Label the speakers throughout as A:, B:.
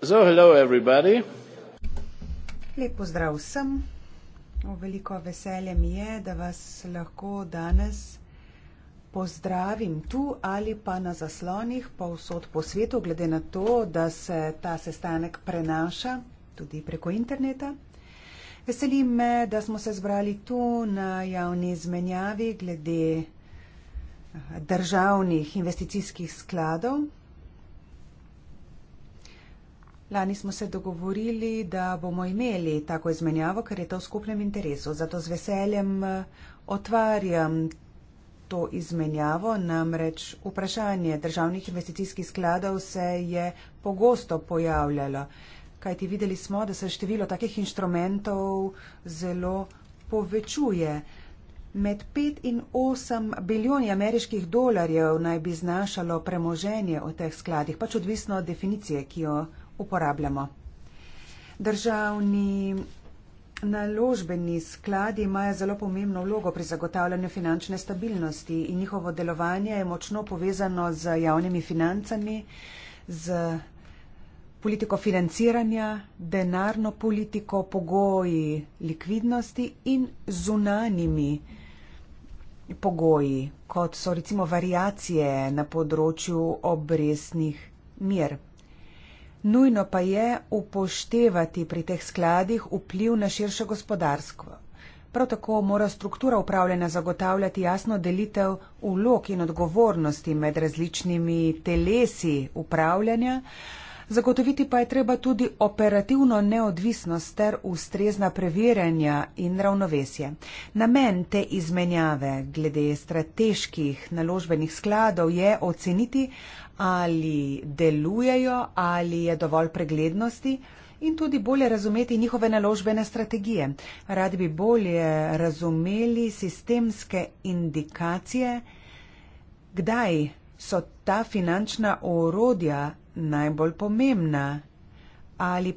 A: So, hello everybody.
B: Lep pozdrav vsem. Veliko veselje mi je, da vas lahko danes pozdravim tu ali pa na zaslonih pa vsod po svetu, glede na to, da se ta sestanek prenaša tudi preko interneta. Veseli me, da smo se zbrali tu na javni izmenjavi glede eh, državnih investicijskih skladov Lani smo se dogovorili, da bomo imeli tako izmenjavo, ker je to v skupnem interesu. Zato z veseljem eh, otvarjam to izmenjavo. Namreč vprašanje državnih investicijskih skladov se je pogosto pojavljalo, kajti videli smo, da se število takih inštrumentov zelo povečuje. Med 5 in 8 biljoni ameriških dolarjev naj bi znašalo premoženje v teh skladih, pač odvisno od definicije, ki jo uporabljamo. Državni naložbeni skladi imajo zelo pomembno vlogo pri zagotavljanju finančne stabilnosti in njihovo delovanje je močno povezano z javnimi financami, z politiko financiranja, denarno politiko, pogoji likvidnosti in zunanimi pogoji, kot so recimo variacije na področju obresnih mir. Nujno pa je upoštevati pri teh skladih vpliv na širše gospodarstvo. Prav tako mora struktura upravljanja zagotavljati jasno delitev vlog in odgovornosti med različnimi telesi upravljanja. Zagotoviti pa je treba tudi operativno neodvisnost ter ustrezna preverjanja in ravnovesje. Namen te izmenjave glede strateških naložbenih skladov je oceniti, ali delujejo, ali je dovolj preglednosti in tudi bolje razumeti njihove naložbene strategije. Radi bi bolje razumeli sistemske indikacije, kdaj so ta finančna orodja najbolj pomembna ali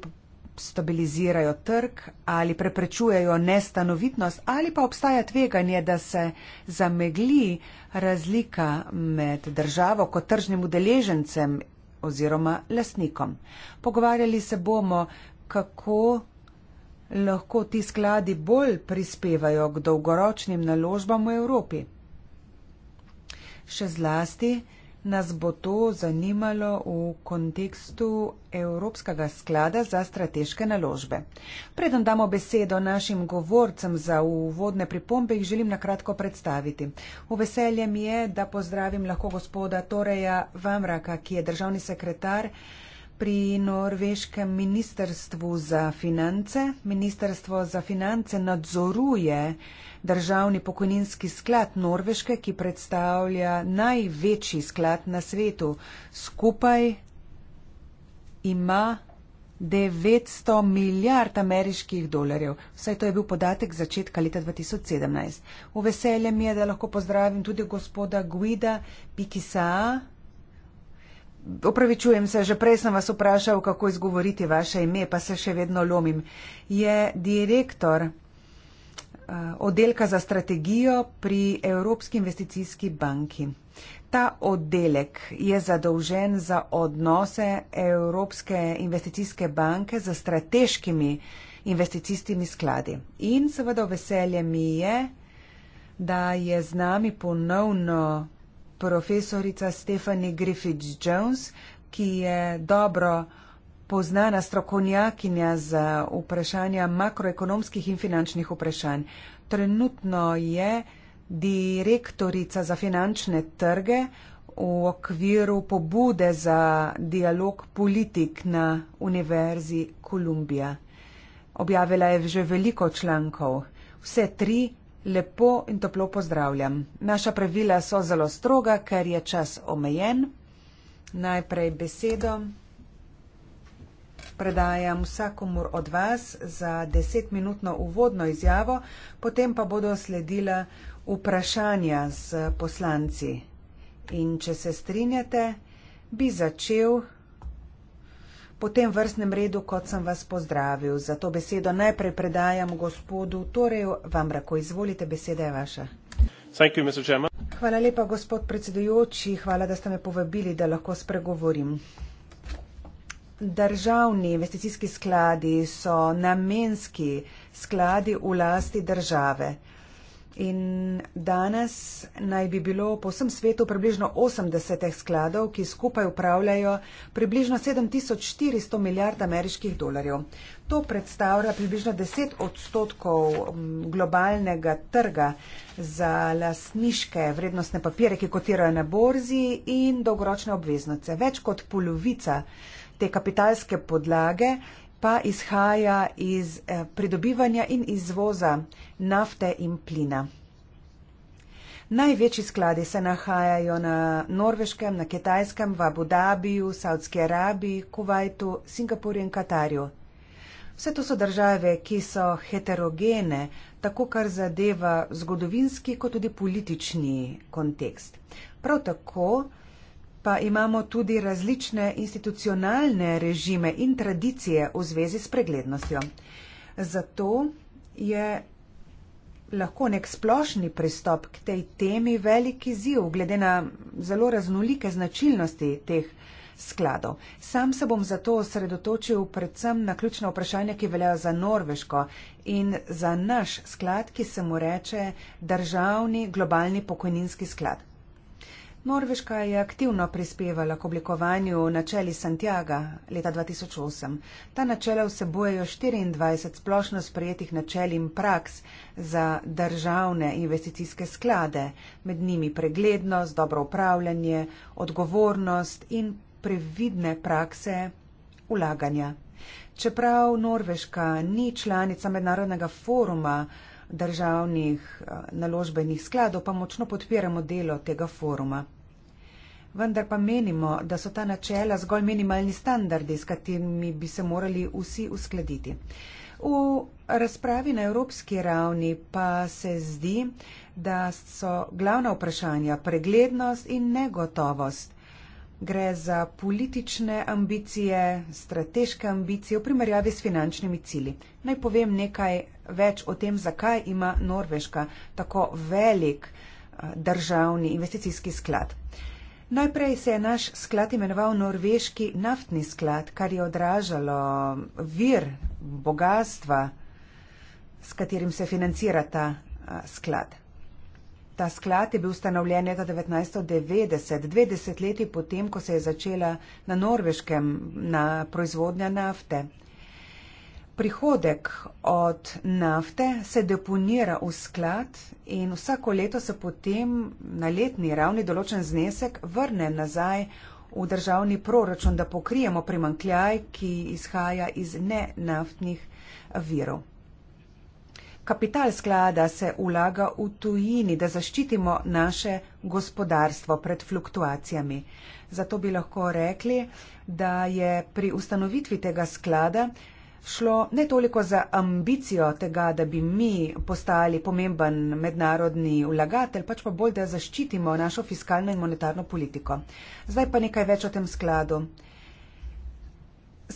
B: stabilizirajo trg ali preprečujejo nestanovitnost ali pa obstaja tveganje, da se zamegli razlika med državo kot tržnim udeležencem oziroma lasnikom. Pogovarjali se bomo, kako lahko ti skladi bolj prispevajo k dolgoročnim naložbam v Evropi. Še zlasti, nas bo to zanimalo v kontekstu Evropskega sklada za strateške naložbe. Predem damo besedo našim govorcem za uvodne pripombe, jih želim na kratko predstaviti. V veselje mi je, da pozdravim lahko gospoda Toreja Vamraka, ki je državni sekretar pri norveškem ministrstvu za finance. Ministrstvo za finance nadzoruje državni pokojninski sklad Norveške, ki predstavlja največji sklad na svetu. Skupaj ima 900 milijard ameriških dolarjev. Vsaj to je bil podatek začetka leta 2017. V veselje mi je, da lahko pozdravim tudi gospoda Guida Pikisa. Opravičujem se, že prej sem vas vprašal, kako izgovoriti vaše ime, pa se še vedno lomim. Je direktor eh, oddelka za strategijo pri Evropski investicijski banki. Ta oddelek je zadolžen za odnose Evropske investicijske banke z strateškimi investicijskimi skladi. In seveda veselje mi je, da je z nami ponovno profesorica Stephanie Griffiths-Jones, ki je dobro poznana strokovnjakinja za vprašanja makroekonomskih in finančnih vprašanj. Trenutno je direktorica za finančne trge v okviru pobude za dialog politik na Univerzi Kolumbija. Objavila je že veliko člankov, vse tri lepo in toplo pozdravljam. Naša pravila so zelo stroga, ker je čas omejen. Najprej besedo predajam vsakomur od vas za desetminutno uvodno izjavo, potem pa bodo sledila vprašanja z poslanci. In če se strinjate, bi začel po tem vrstnem redu, kot sem vas pozdravil. Zato besedo najprej predajam gospodu Torejo Vamrako. Izvolite, beseda je vaša.
A: You,
B: hvala lepa, gospod predsedujoči, hvala, da ste me povabili, da lahko spregovorim. Državni investicijski skladi so namenski skladi v lasti države. In danes naj bi bilo po vsem svetu približno 80 skladov, ki skupaj upravljajo približno 7400 milijard ameriških dolarjev. To predstavlja približno 10 odstotkov globalnega trga za lasniške vrednostne papire, ki kotirajo na borzi in dolgoročne obveznice. Več kot polovica te kapitalske podlage pa izhaja iz eh, pridobivanja in izvoza nafte in plina. Največji skladi se nahajajo na Norveškem, na Kitajskem, v Abu Dhabiju, Saudski Arabiji, Kuwaitu, Singapurju in Katarju. Vse to so države, ki so heterogene, tako kar zadeva zgodovinski, kot tudi politični kontekst. Prav tako pa imamo tudi različne institucionalne režime in tradicije v zvezi s preglednostjo. Zato je lahko nek splošni pristop k tej temi veliki ziv, glede na zelo raznolike značilnosti teh skladov. Sam se bom zato osredotočil predvsem na ključna vprašanja, ki veljajo za Norveško in za naš sklad, ki se mu reče Državni globalni pokojninski sklad. Norveška je aktivno prispevala k oblikovanju načeli Santiago leta 2008. Ta načela vsebojejo 24 splošno sprejetih načel in praks za državne investicijske sklade, med njimi preglednost, dobro upravljanje, odgovornost in previdne prakse ulaganja. Čeprav Norveška ni članica mednarodnega foruma državnih eh, naložbenih skladov, pa močno podpiramo delo tega foruma vendar pa menimo, da so ta načela zgolj minimalni standardi, s katerimi bi se morali vsi uskladiti. V razpravi na evropski ravni pa se zdi, da so glavna vprašanja preglednost in negotovost. Gre za politične ambicije, strateške ambicije v primerjavi s finančnimi cili. Naj povem nekaj več o tem, zakaj ima Norveška tako velik eh, državni investicijski sklad. Najprej se je naš sklad imenoval Norveški naftni sklad, kar je odražalo vir bogatstva, s katerim se financira ta sklad. Ta sklad je bil ustanovljen leta 1990, dve desetletji potem, ko se je začela na norveškem na proizvodnja nafte. Prihodek od nafte se deponira v sklad in vsako leto se potem na letni ravni določen znesek vrne nazaj v državni proračun, da pokrijemo primankljaj, ki izhaja iz nenaftnih virov. Kapital sklada se vlaga v tujini, da zaščitimo naše gospodarstvo pred fluktuacijami. Zato bi lahko rekli, da je pri ustanovitvi tega sklada šlo ne toliko za ambicijo tega, da bi mi postali pomemben mednarodni vlagatelj, pač pa bolj, da zaščitimo našo fiskalno in monetarno politiko. Zdaj pa nekaj več o tem skladu.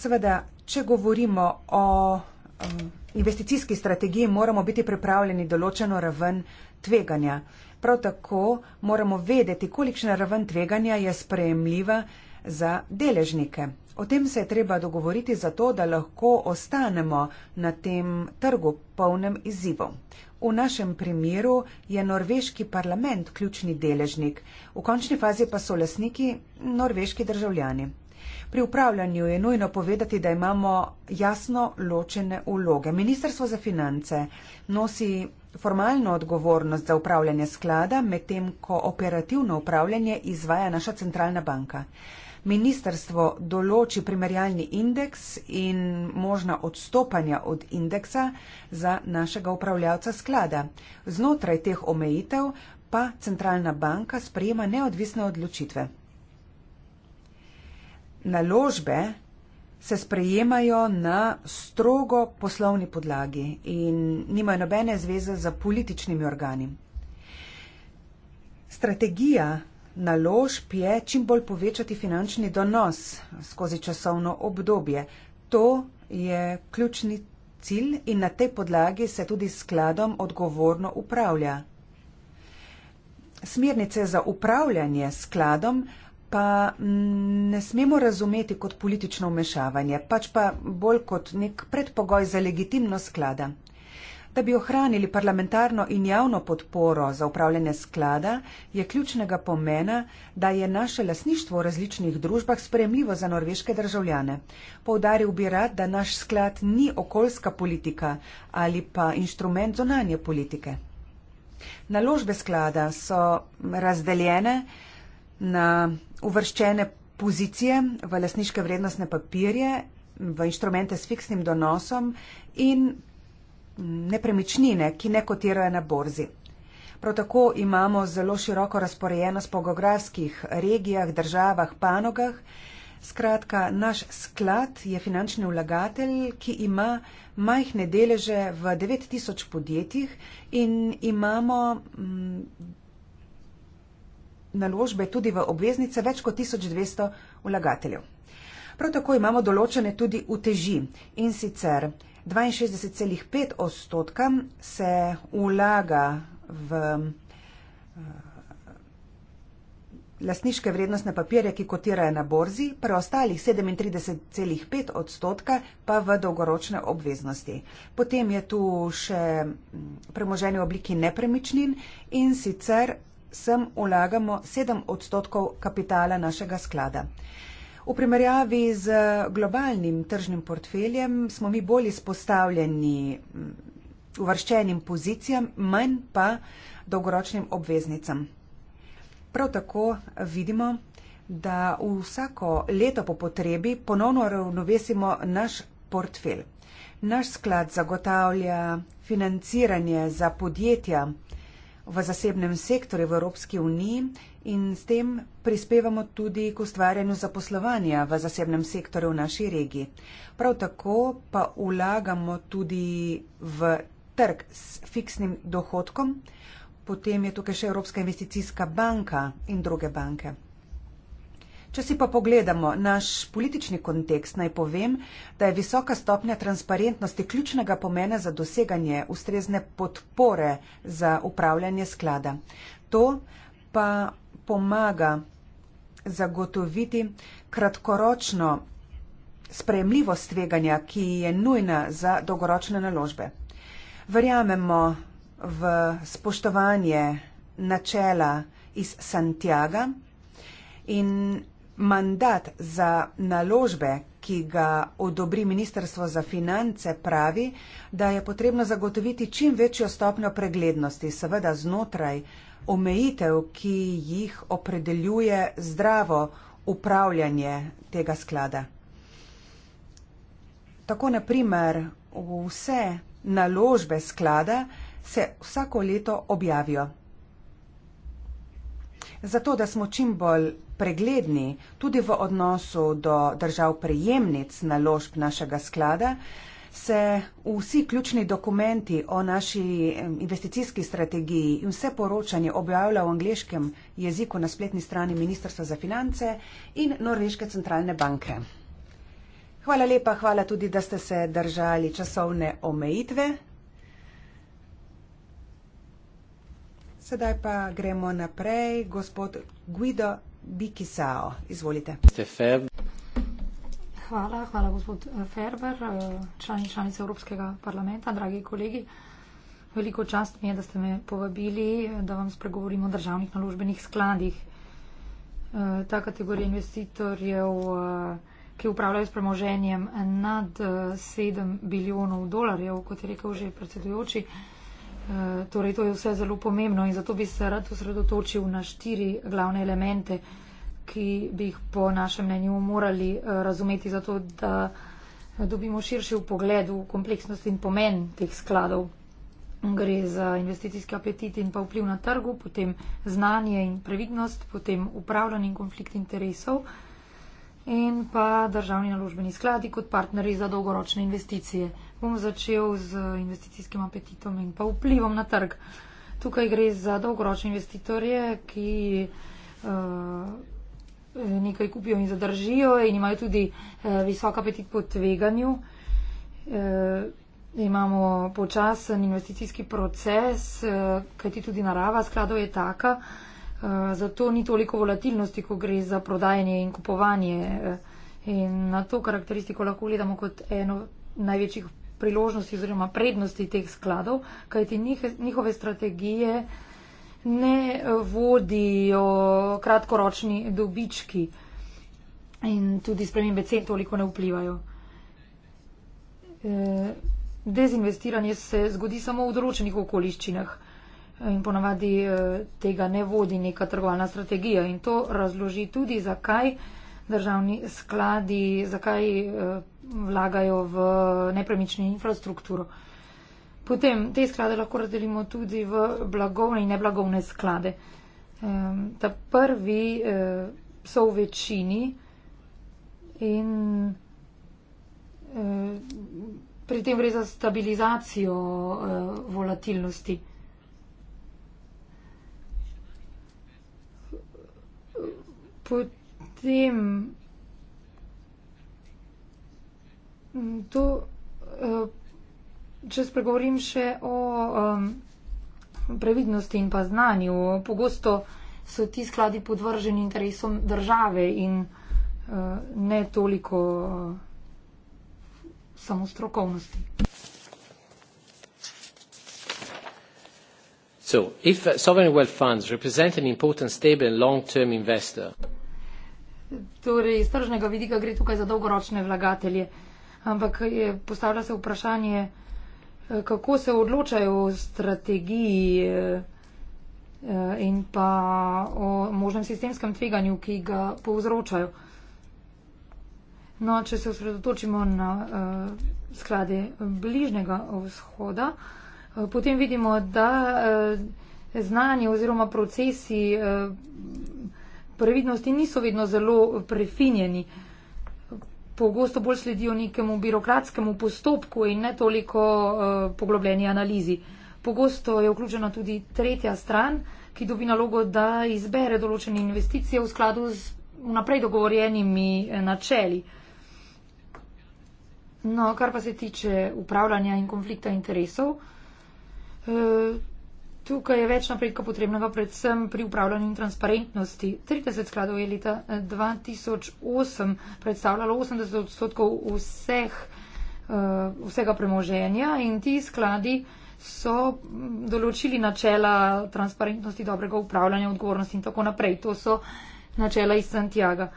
B: Seveda, če govorimo o um, investicijski strategiji, moramo biti pripravljeni določeno raven tveganja. Prav tako moramo vedeti, kolikšna raven tveganja je sprejemljiva za deležnike. O tem se je treba dogovoriti zato, da lahko ostanemo na tem trgu polnem izzivov. V našem primeru je norveški parlament ključni deležnik, v končni fazi pa so lasniki norveški državljani. Pri upravljanju je nujno povedati, da imamo jasno ločene uloge. Ministrstvo za finance nosi formalno odgovornost za upravljanje sklada, medtem ko operativno upravljanje izvaja naša centralna banka ministerstvo določi primerjalni indeks in možna odstopanja od indeksa za našega upravljavca sklada. Znotraj teh omejitev pa centralna banka sprejema neodvisne odločitve. Naložbe se sprejemajo na strogo poslovni podlagi in nimajo nobene zveze z političnimi organi. Strategija naložb je čim bolj povečati finančni donos skozi časovno obdobje. To je ključni cilj in na tej podlagi se tudi skladom odgovorno upravlja. Smernice za upravljanje skladom pa mm, ne smemo razumeti kot politično vmešavanje, pač pa bolj kot nek predpogoj za legitimno sklada. Da bi ohranili parlamentarno in javno podporo za upravljanje sklada, je ključnega pomena, da je naše lasništvo v različnih družbah sprejemljivo za norveške državljane. Povdaril bi rad, da naš sklad ni okoljska politika ali pa inštrument zonanje politike. Naložbe sklada so razdeljene na uvrščene pozicije v lasniške vrednostne papirje, v inštrumente s fiksnim donosom in nepremičnine, ki ne kotirajo na borzi. Prav tako imamo zelo široko razporejenost po geografskih regijah, državah, panogah. Skratka, naš sklad je finančni vlagatelj, ki ima majhne deleže v 9000 podjetjih in imamo mm, naložbe tudi v obveznice več kot 1200 vlagateljev. Prav tako imamo določene tudi uteži in sicer 62,5 odstotka se ulaga v eh, lastniške vrednostne papirje, ki kotirajo na borzi, preostalih 37,5 odstotka pa v dolgoročne obveznosti. Potem je tu še mm, premoženje v obliki nepremičnin in sicer sem ulagamo 7 odstotkov kapitala našega sklada. V primerjavi z globalnim tržnim portfeljem smo mi bolj izpostavljeni mm, uvrščenim pozicijam, manj pa dolgoročnim obveznicam. Prav tako vidimo, da vsako leto po potrebi ponovno ravnovesimo naš portfelj. Naš sklad zagotavlja financiranje za podjetja v zasebnem sektorju v Evropski uniji in s tem prispevamo tudi k ustvarjanju zaposlovanja v zasebnem sektorju v naši regiji. Prav tako pa vlagamo tudi v trg s fiksnim dohodkom, potem je tukaj še Evropska investicijska banka in druge banke. Če si pa pogledamo naš politični kontekst, naj povem, da je visoka stopnja transparentnosti ključnega pomena za doseganje ustrezne podpore za upravljanje sklada. To pa pomaga zagotoviti kratkoročno sprejemljivost tveganja, ki je nujna za dolgoročne naložbe. Verjamemo v spoštovanje načela iz Santiago in mandat za naložbe, ki ga odobri Ministrstvo za finance, pravi, da je potrebno zagotoviti čim večjo stopnjo preglednosti, seveda znotraj omejitev, ki jih opredeljuje zdravo upravljanje tega sklada. Tako naprimer vse naložbe sklada se vsako leto objavijo. Zato, da smo čim bolj pregledni tudi v odnosu do držav prejemnic naložb našega sklada, se vsi ključni dokumenti o naši investicijski strategiji in vse poročanje objavlja v angliškem jeziku na spletni strani Ministrstva za finance in Norveške centralne banke. Hvala lepa, hvala tudi, da ste se držali časovne omejitve. Sedaj pa gremo naprej, gospod Guido Bikisao, izvolite. Hvala,
C: hvala gospod eh, Ferber, eh, člani članice Evropskega parlamenta, dragi kolegi. Veliko čast mi je, da ste me povabili, eh, da vam spregovorim o državnih naložbenih skladih. Ta kategorija investitorjev, ki upravljajo s premoženjem nad 7 bilijonov dolarjev, kot je rekel že predsedujoči, torej to je vse zelo pomembno in zato bi se rad osredotočil na štiri glavne elemente ki bi jih po našem mnenju morali eh, razumeti, zato da dobimo širši v pogledu kompleksnost in pomen teh skladov. Gre za investicijski apetit in pa vpliv na trgu, potem znanje in previdnost, potem upravljanje in konflikt interesov in pa državni naložbeni skladi kot partneri za dolgoročne investicije. Bom začel z investicijskim apetitom in pa vplivom na trg. Tukaj gre za dolgoročne investitorje, ki uh, nekaj kupijo in zadržijo in imajo tudi eh, visok apetit po tveganju. Eh, imamo počasen investicijski proces, eh, kajti tudi narava skladov je taka, eh, zato ni toliko volatilnosti, ko gre za prodajanje in kupovanje. Eh, in na to karakteristiko lahko gledamo kot eno največjih priložnosti oziroma prednosti teh skladov, kajti njihove strategije ne vodijo kratkoročni dobički in tudi spremembe cen toliko ne vplivajo. Eh, dezinvestiranje se zgodi samo v določenih okoliščinah in ponavadi eh, tega ne vodi neka trgovalna strategija in to razloži tudi, zakaj državni skladi, zakaj eh, vlagajo v nepremično infrastrukturo. Potem te sklade lahko razdelimo tudi v blagovne in neblagovne sklade. Um, ta prvi uh, so v večini in uh, pri tem gre za stabilizacijo uh, volatilnosti. Potem mm, to. Uh, Če spregovorim še o um, previdnosti in pa znanju, pogosto so ti skladi podvrženi interesom države in uh, ne toliko uh, samostrokovnosti.
A: So, uh, stable, investor,
C: torej, iz tržnega vidika gre tukaj za dolgoročne vlagatelje, ampak je, postavlja se vprašanje, kako se odločajo o strategiji eh, in pa o možnem sistemskem tveganju, ki ga povzročajo. No, če se osredotočimo na uh, sklade bližnjega vzhoda, uh, potem vidimo, da uh, znanje oziroma procesi uh, previdnosti niso vedno zelo prefinjeni. Uh, pogosto bolj sledijo nekemu birokratskemu postopku in ne toliko uh, poglobljeni analizi. Pogosto je vključena tudi tretja stran, ki dobi nalogo, da izbere določene investicije v skladu z naprej dogovorjenimi eh, načeli. No, kar pa se tiče upravljanja in konflikta interesov, eh, Tukaj je več napredka potrebnega, predvsem pri upravljanju in transparentnosti. 30 skladov je leta 2008 eh, predstavljalo 80 odstotkov vseh, eh, vsega premoženja in ti skladi so mm, določili načela transparentnosti, dobrega upravljanja, odgovornosti in tako naprej. To so načela iz Santiago.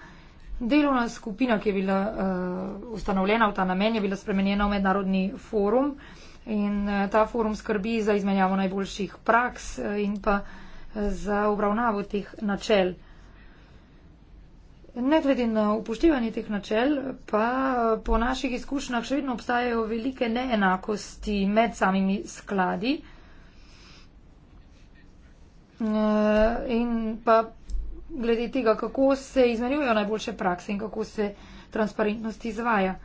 C: Delovna skupina, ki je bila uh, ustanovljena v ta namen, je bila spremenjena v mednarodni forum uh, In eh, ta forum skrbi za izmenjavo najboljših praks eh, in pa eh, za obravnavo teh načel. Ne glede na upoštevanje teh načel, pa po naših izkušnjah še vedno obstajajo velike neenakosti med samimi skladi. In pa glede tega, kako se izmenjujejo najboljše prakse in kako se transparentnost izvaja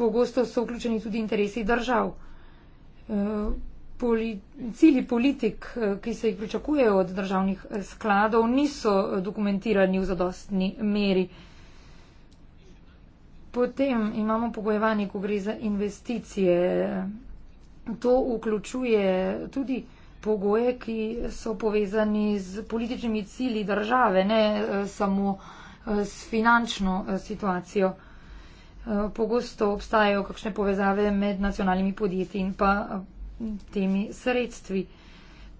C: pogosto so vključeni tudi interesi držav. Eh, poli, cili politik, eh, ki se jih pričakuje od državnih eh, skladov, niso dokumentirani v zadostni meri. Potem imamo pogojevanje, ko gre za investicije. To vključuje tudi pogoje, ki so povezani z političnimi cili države, ne samo s finančno situacijo. Eh, pogosto obstajajo kakšne povezave med nacionalnimi podjetji in pa eh, temi sredstvi.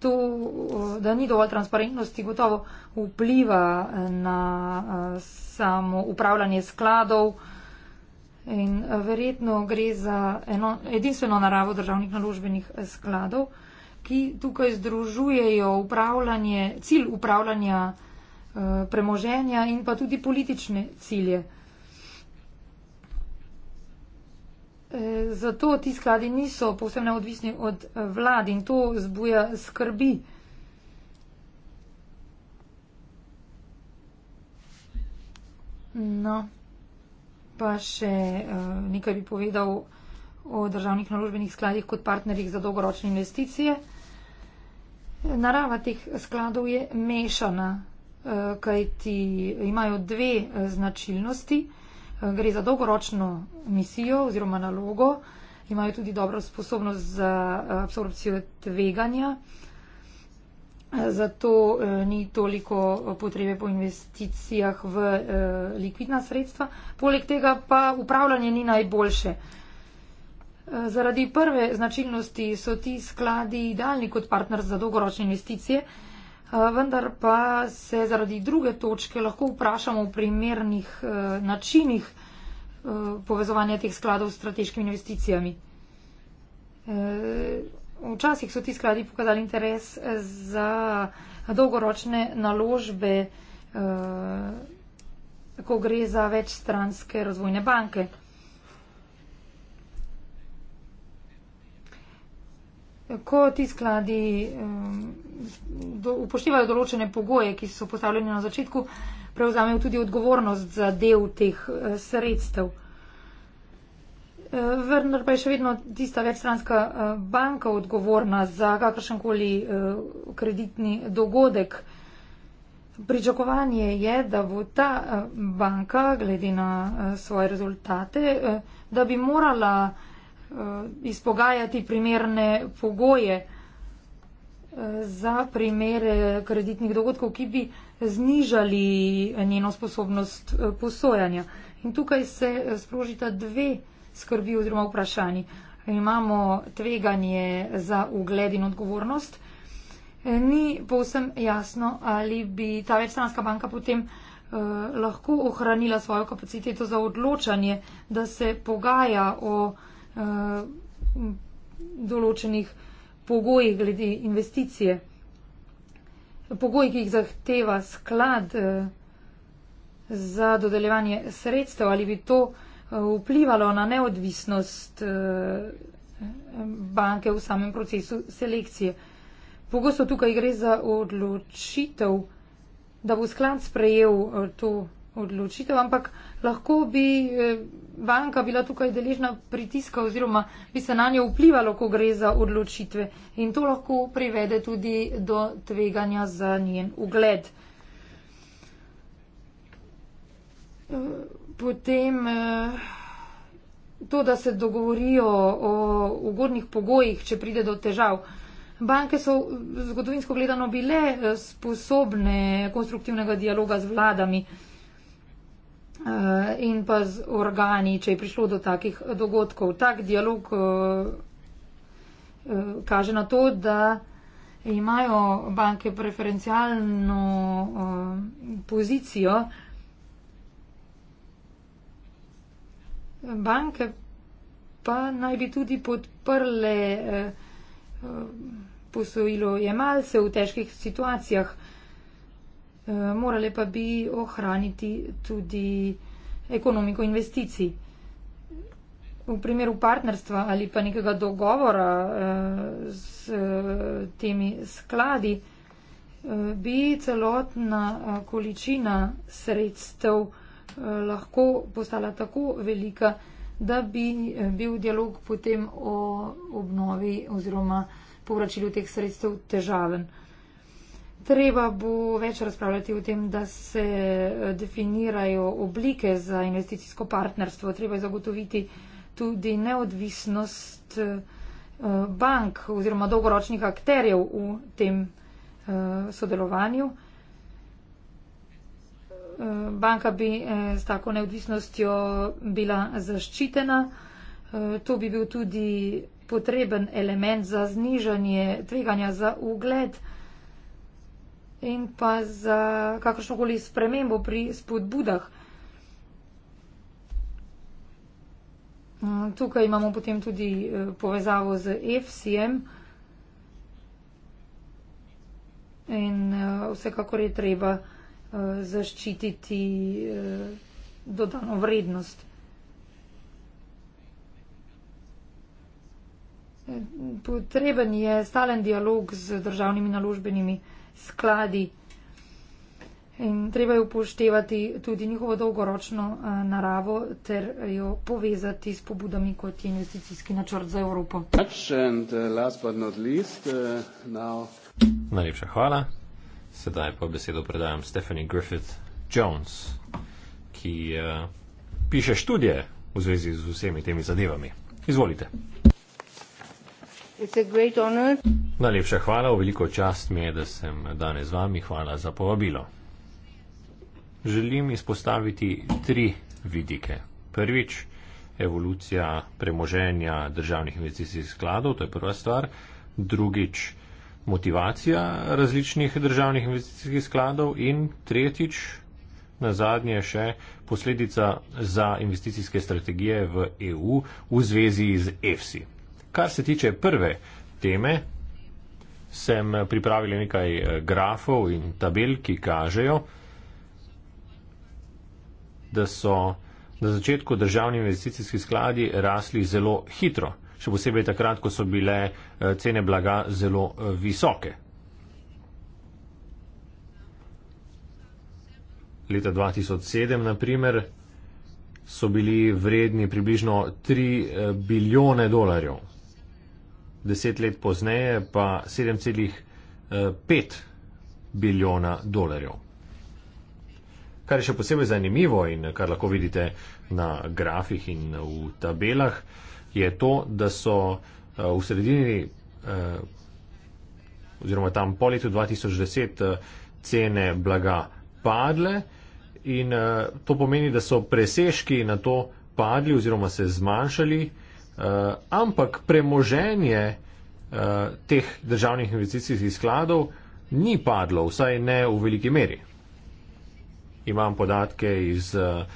C: To, eh, da ni dovolj transparentnosti, gotovo vpliva na samo upravljanje skladov in verjetno gre za eno, edinstveno naravo državnih naložbenih skladov, ki tukaj združujejo upravljanje, cilj upravljanja premoženja in pa tudi politične cilje. Eh, zato ti skladi niso povsem neodvisni od eh, vlad in to zbuja skrbi. No, pa še eh, nekaj bi povedal o državnih naložbenih skladih kot partnerjih za dolgoročne investicije. Narava teh skladov je mešana, kajti imajo dve značilnosti gre za dolgoročno misijo oziroma nalogo, imajo tudi dobro sposobnost za eh, absorpcijo tveganja, eh, zato eh, ni toliko potrebe po investicijah v likvidna sredstva. Poleg tega pa upravljanje ni najboljše. Zaradi prve značilnosti so ti skladi idealni kot partner za dolgoročne investicije, Vendar pa se zaradi druge točke lahko vprašamo o primernih eh, načinih eh, povezovanja teh skladov s strateškimi investicijami. Eh, včasih so ti skladi pokazali interes za dolgoročne naložbe, ko gre za večstranske razvojne banke. Ko ti skladi do, upoštevajo določene pogoje, ki so postavljeni na začetku, prevzamejo tudi odgovornost za del teh uh, sredstev. Uh, vendar pa je še vedno tista večstranska uh, banka odgovorna za kakršenkoli uh, kreditni dogodek. Pričakovanje je, da bo ta banka, glede na svoje rezultate, da bi morala izpogajati primerne pogoje za primere eh, kreditnih dogodkov, ki bi znižali njeno sposobnost eh, posojanja. In tukaj se eh, sprožita dve skrbi oziroma vprašanji. Imamo tveganje za ugled in odgovornost. Ni povsem jasno, ali bi ta večstranska banka potem lahko ohranila svojo kapaciteto za odločanje, da se pogaja o določenih pogoji glede investicije, pogoji, ki jih zahteva sklad eh, za dodeljevanje sredstev, ali bi to eh, vplivalo na neodvisnost eh, banke v samem procesu selekcije. Pogosto tukaj gre za odločitev, da bo sklad sprejel to odločitev, ampak lahko bi banka bila tukaj deležna pritiska oziroma bi se na njo vplivalo, ko gre za odločitve. In to lahko privede tudi do tveganja za njen ugled. Eh, potem eh, to, da se dogovorijo o ugodnih pogojih, če pride do težav. Banke so eh, zgodovinsko gledano bile sposobne konstruktivnega dialoga z vladami. Eh, in pa z organi, če je prišlo do takih dogodkov. Tak dialog eh, eh, kaže na to, da imajo banke preferencialno pozicijo. Banke pa naj bi tudi podprle posojilo jemalce v težkih situacijah. Eh, morale pa bi ohraniti tudi ekonomiko investicij. V primeru partnerstva ali pa nekega dogovora eh, s eh, temi skladi bi celotna količina sredstev lahko postala tako velika, da bi bil dialog potem o obnovi oziroma povračilu teh sredstev težaven. Treba bo več razpravljati o tem, da se eh, definirajo oblike za investicijsko partnerstvo. Treba je zagotoviti tudi neodvisnost eh, bank oziroma dolgoročnih akterjev v tem eh, sodelovanju. Banka bi s tako neodvisnostjo bila zaščitena. To bi bil tudi potreben element za znižanje tveganja za ugled in pa za kakršnokoli spremembo pri spodbudah. Mm, tukaj imamo potem tudi eh, povezavo z FCM in eh, vsekakor je treba eh, zaščititi dodano vrednost. Mm, potreben je stalen dialog z državnimi naložbenimi skladi. In treba je upoštevati tudi njihovo dolgoročno eh, naravo ter jo povezati s pobudami kot investicijski načrt za Evropo.
B: Eh, eh,
A: Najlepša hvala. Sedaj pa besedo predajam Stephanie Griffith Jones, ki uh, piše študije v zvezi z vsemi temi zadevami. Izvolite. Najlepša hvala, veliko čast mi je, da sem danes z vami. Hvala za povabilo. Želim izpostaviti tri vidike. Prvič, evolucija premoženja državnih investicijskih skladov, to je prva stvar. Drugič, motivacija različnih državnih investicijskih skladov. In tretjič, na zadnje še posledica za investicijske strategije v EU v zvezi z EFSI. Kar se tiče prve teme, sem pripravil nekaj eh, grafov in tabel, ki kažejo, da so na začetku državni investicijski skladi rasli zelo hitro, še posebej takrat, ko so bile eh, cene blaga zelo eh, visoke. Leta 2007, na primer, so bili vredni približno 3 bilijone dolarjev deset let pozneje pa 7,5 eh, biljona dolarjev. Kar je še posebej zanimivo in eh, kar lahko vidite na grafih in eh, v tabelah, je to, da so v sredini oziroma tam po letu 2010 cene blaga padle in to pomeni, da so preseški na to padli oziroma se zmanjšali in Eh, ampak premoženje uh, teh državnih investicijskih skladov ni padlo, vsaj ne v veliki meri. Imam podatke iz uh,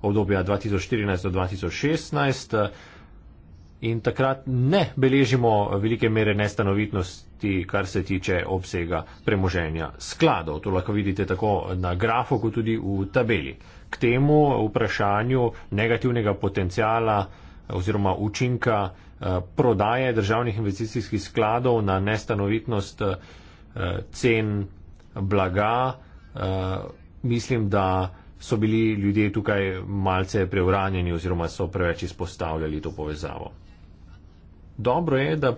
A: obdobja 2014 do 2016 in takrat ne beležimo velike mere nestanovitnosti, kar se tiče obsega premoženja skladov. To lahko vidite tako na grafu, kot tudi v tabeli. K temu vprašanju negativnega potencijala uh, oziroma učinka eh, prodaje državnih investicijskih skladov na nestanovitnost eh, cen blaga. Eh, mislim, da so bili ljudje tukaj malce preuranjeni oziroma so preveč izpostavljali to povezavo. Dobro je, da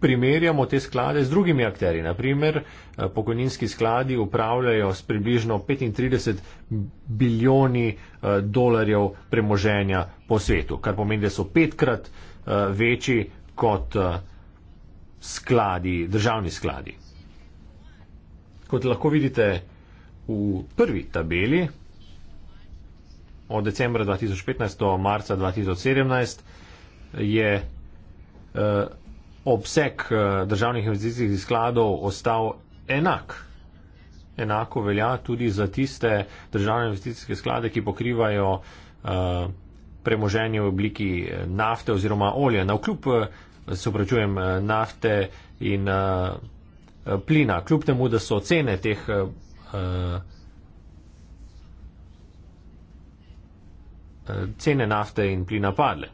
A: primerjamo te sklade z drugimi akteri, naprimer eh, pokojninski skladi upravljajo s približno 35 biljoni eh, dolarjev premoženja po svetu, kar pomeni, da so petkrat eh, večji kot skladi, državni skladi. Kot lahko vidite v prvi tabeli, od decembra 2015 do marca 2017 je obseg eh, državnih investicijskih skladov ostal enak. Enako velja tudi za tiste državne investicijske sklade, ki pokrivajo uh, premoženje v obliki eh, nafte oziroma olje. Na vkljub, se upračujem, nafte in uh, plina, kljub temu, da so cene teh. Uh, cene nafte in plina padle.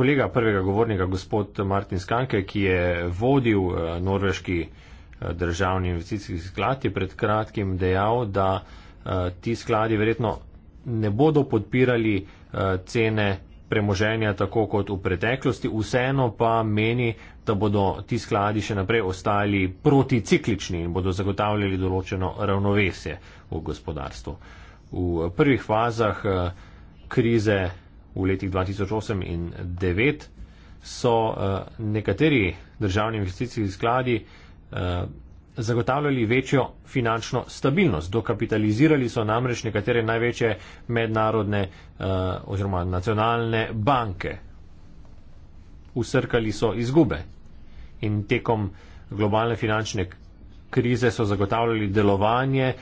A: kolega prvega govornika, gospod Martin Skanke, ki je vodil eh, norveški eh, državni investicijski sklad, je pred kratkim dejal, da eh, ti skladi verjetno ne bodo podpirali cene premoženja tako kot v preteklosti, vseeno pa meni, da bodo ti skladi še naprej ostali proticiklični in bodo zagotavljali določeno ravnovesje v gospodarstvu. V prvih fazah krize v letih 2008 in 2009 so eh, nekateri državni investicijski skladi eh, zagotavljali večjo finančno stabilnost. Dokapitalizirali so namreč nekatere največje mednarodne eh, oziroma nacionalne banke. Usrkali so izgube in tekom globalne finančne krize so zagotavljali delovanje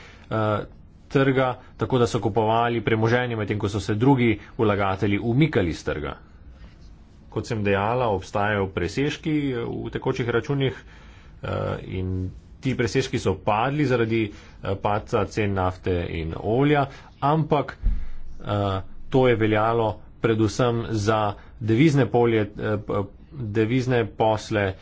A: trga, tako da so kupovali premoženje, medtem ko so se drugi vlagatelji umikali z trga. Kot sem dejala, obstajajo presežki eh, v tekočih računih eh, in ti presežki so padli zaradi eh, paca cen nafte in olja, ampak to je veljalo predvsem za devizne, polje, devizne posle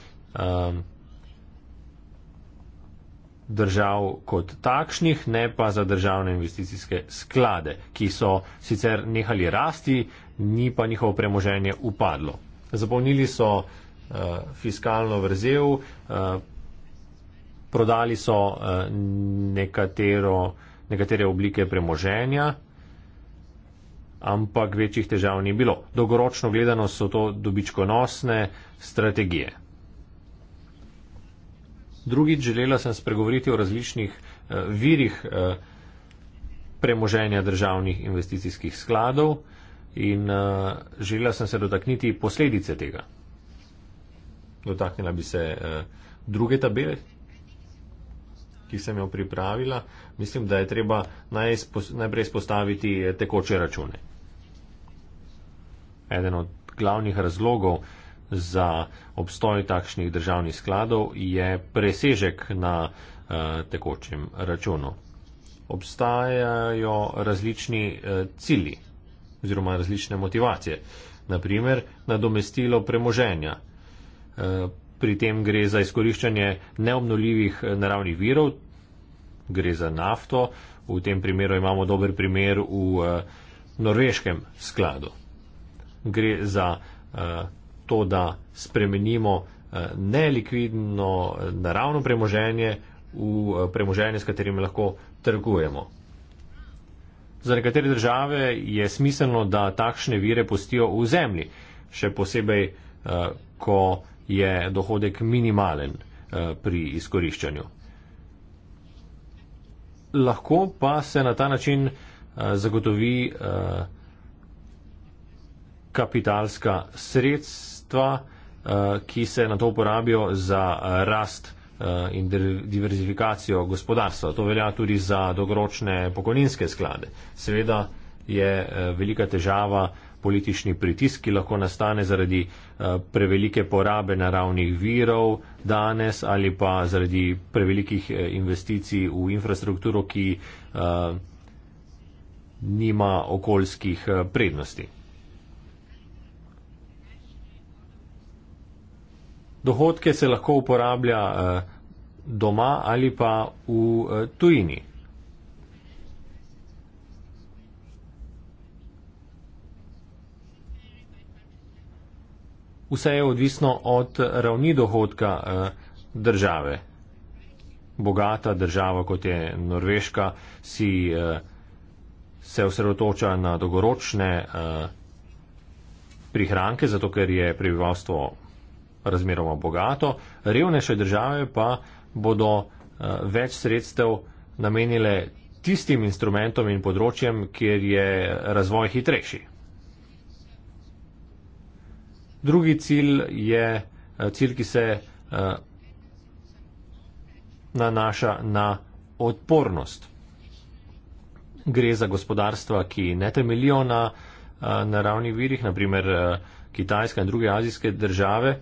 A: držav kot takšnih, ne pa za državne investicijske sklade, ki so sicer nehali rasti, ni pa njihovo premoženje upadlo. Zapolnili so uh, fiskalno vrzel, uh, prodali so uh, nekatero, nekatere oblike premoženja, ampak večjih težav ni bilo. Dolgoročno gledano so to dobičkonosne strategije drugič želela sem spregovoriti o različnih eh, virih eh, premoženja državnih investicijskih skladov in eh, želela sem se dotakniti posledice tega. Dotaknila bi se eh, druge tabele, ki sem jo pripravila. Mislim, da je treba najprej spostaviti eh, tekoče račune. Eden od glavnih razlogov, za obstoj takšnih državnih skladov je presežek na eh, tekočem računu. Obstajajo različni eh, cili oziroma različne motivacije, naprimer nadomestilo premoženja. Eh, pri tem gre za izkoriščanje neobnoljivih naravnih virov, gre za nafto, v tem primeru imamo dober primer v norveškem skladu. Gre za to, da spremenimo eh, nelikvidno eh, naravno premoženje v eh, premoženje, s katerim lahko trgujemo. Za nekatere države je smiselno, da takšne vire postijo v zemlji, še posebej, ko je dohodek minimalen pri izkoriščanju. Lahko pa se na ta način zagotovi kapitalska sredstva, sredstva, eh, ki se na to uporabijo za eh, rast eh, in diverzifikacijo gospodarstva. To velja tudi za dolgoročne pokojninske sklade. Seveda je velika težava politični pritisk, ki lahko nastane zaradi prevelike porabe naravnih virov danes ali pa zaradi prevelikih investicij v infrastrukturo, ki nima okoljskih prednosti. dohodke se lahko uporablja eh, doma ali pa v eh, tujini. Vse je odvisno od ravni dohodka eh, države. Bogata država, kot je Norveška, si se osredotoča na dogoročne prihranke, zato ker je prebivalstvo razmeroma bogato, revnejše države pa bodo eh, več sredstev namenile tistim instrumentom in področjem, kjer je razvoj hitrejši. Drugi cilj je eh, cilj, ki se eh, nanaša na odpornost. Gre za gospodarstva, ki ne temeljijo na naravnih virih, naprimer Kitajska in druge azijske države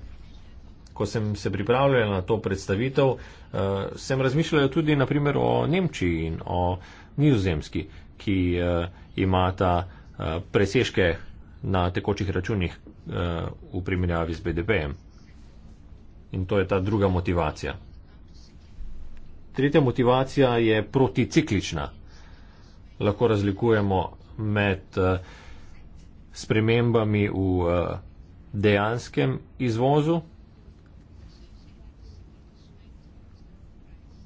A: ko sem se pripravljal na to predstavitev, uh, sem razmišljal tudi naprimer o Nemčiji in o Nizozemski, ki uh, imata uh, presežke na tekočih računih uh, v primerjavi z BDP-jem. In to je ta druga motivacija. Tretja motivacija je proticiklična. Lahko razlikujemo med uh, spremembami v uh, dejanskem izvozu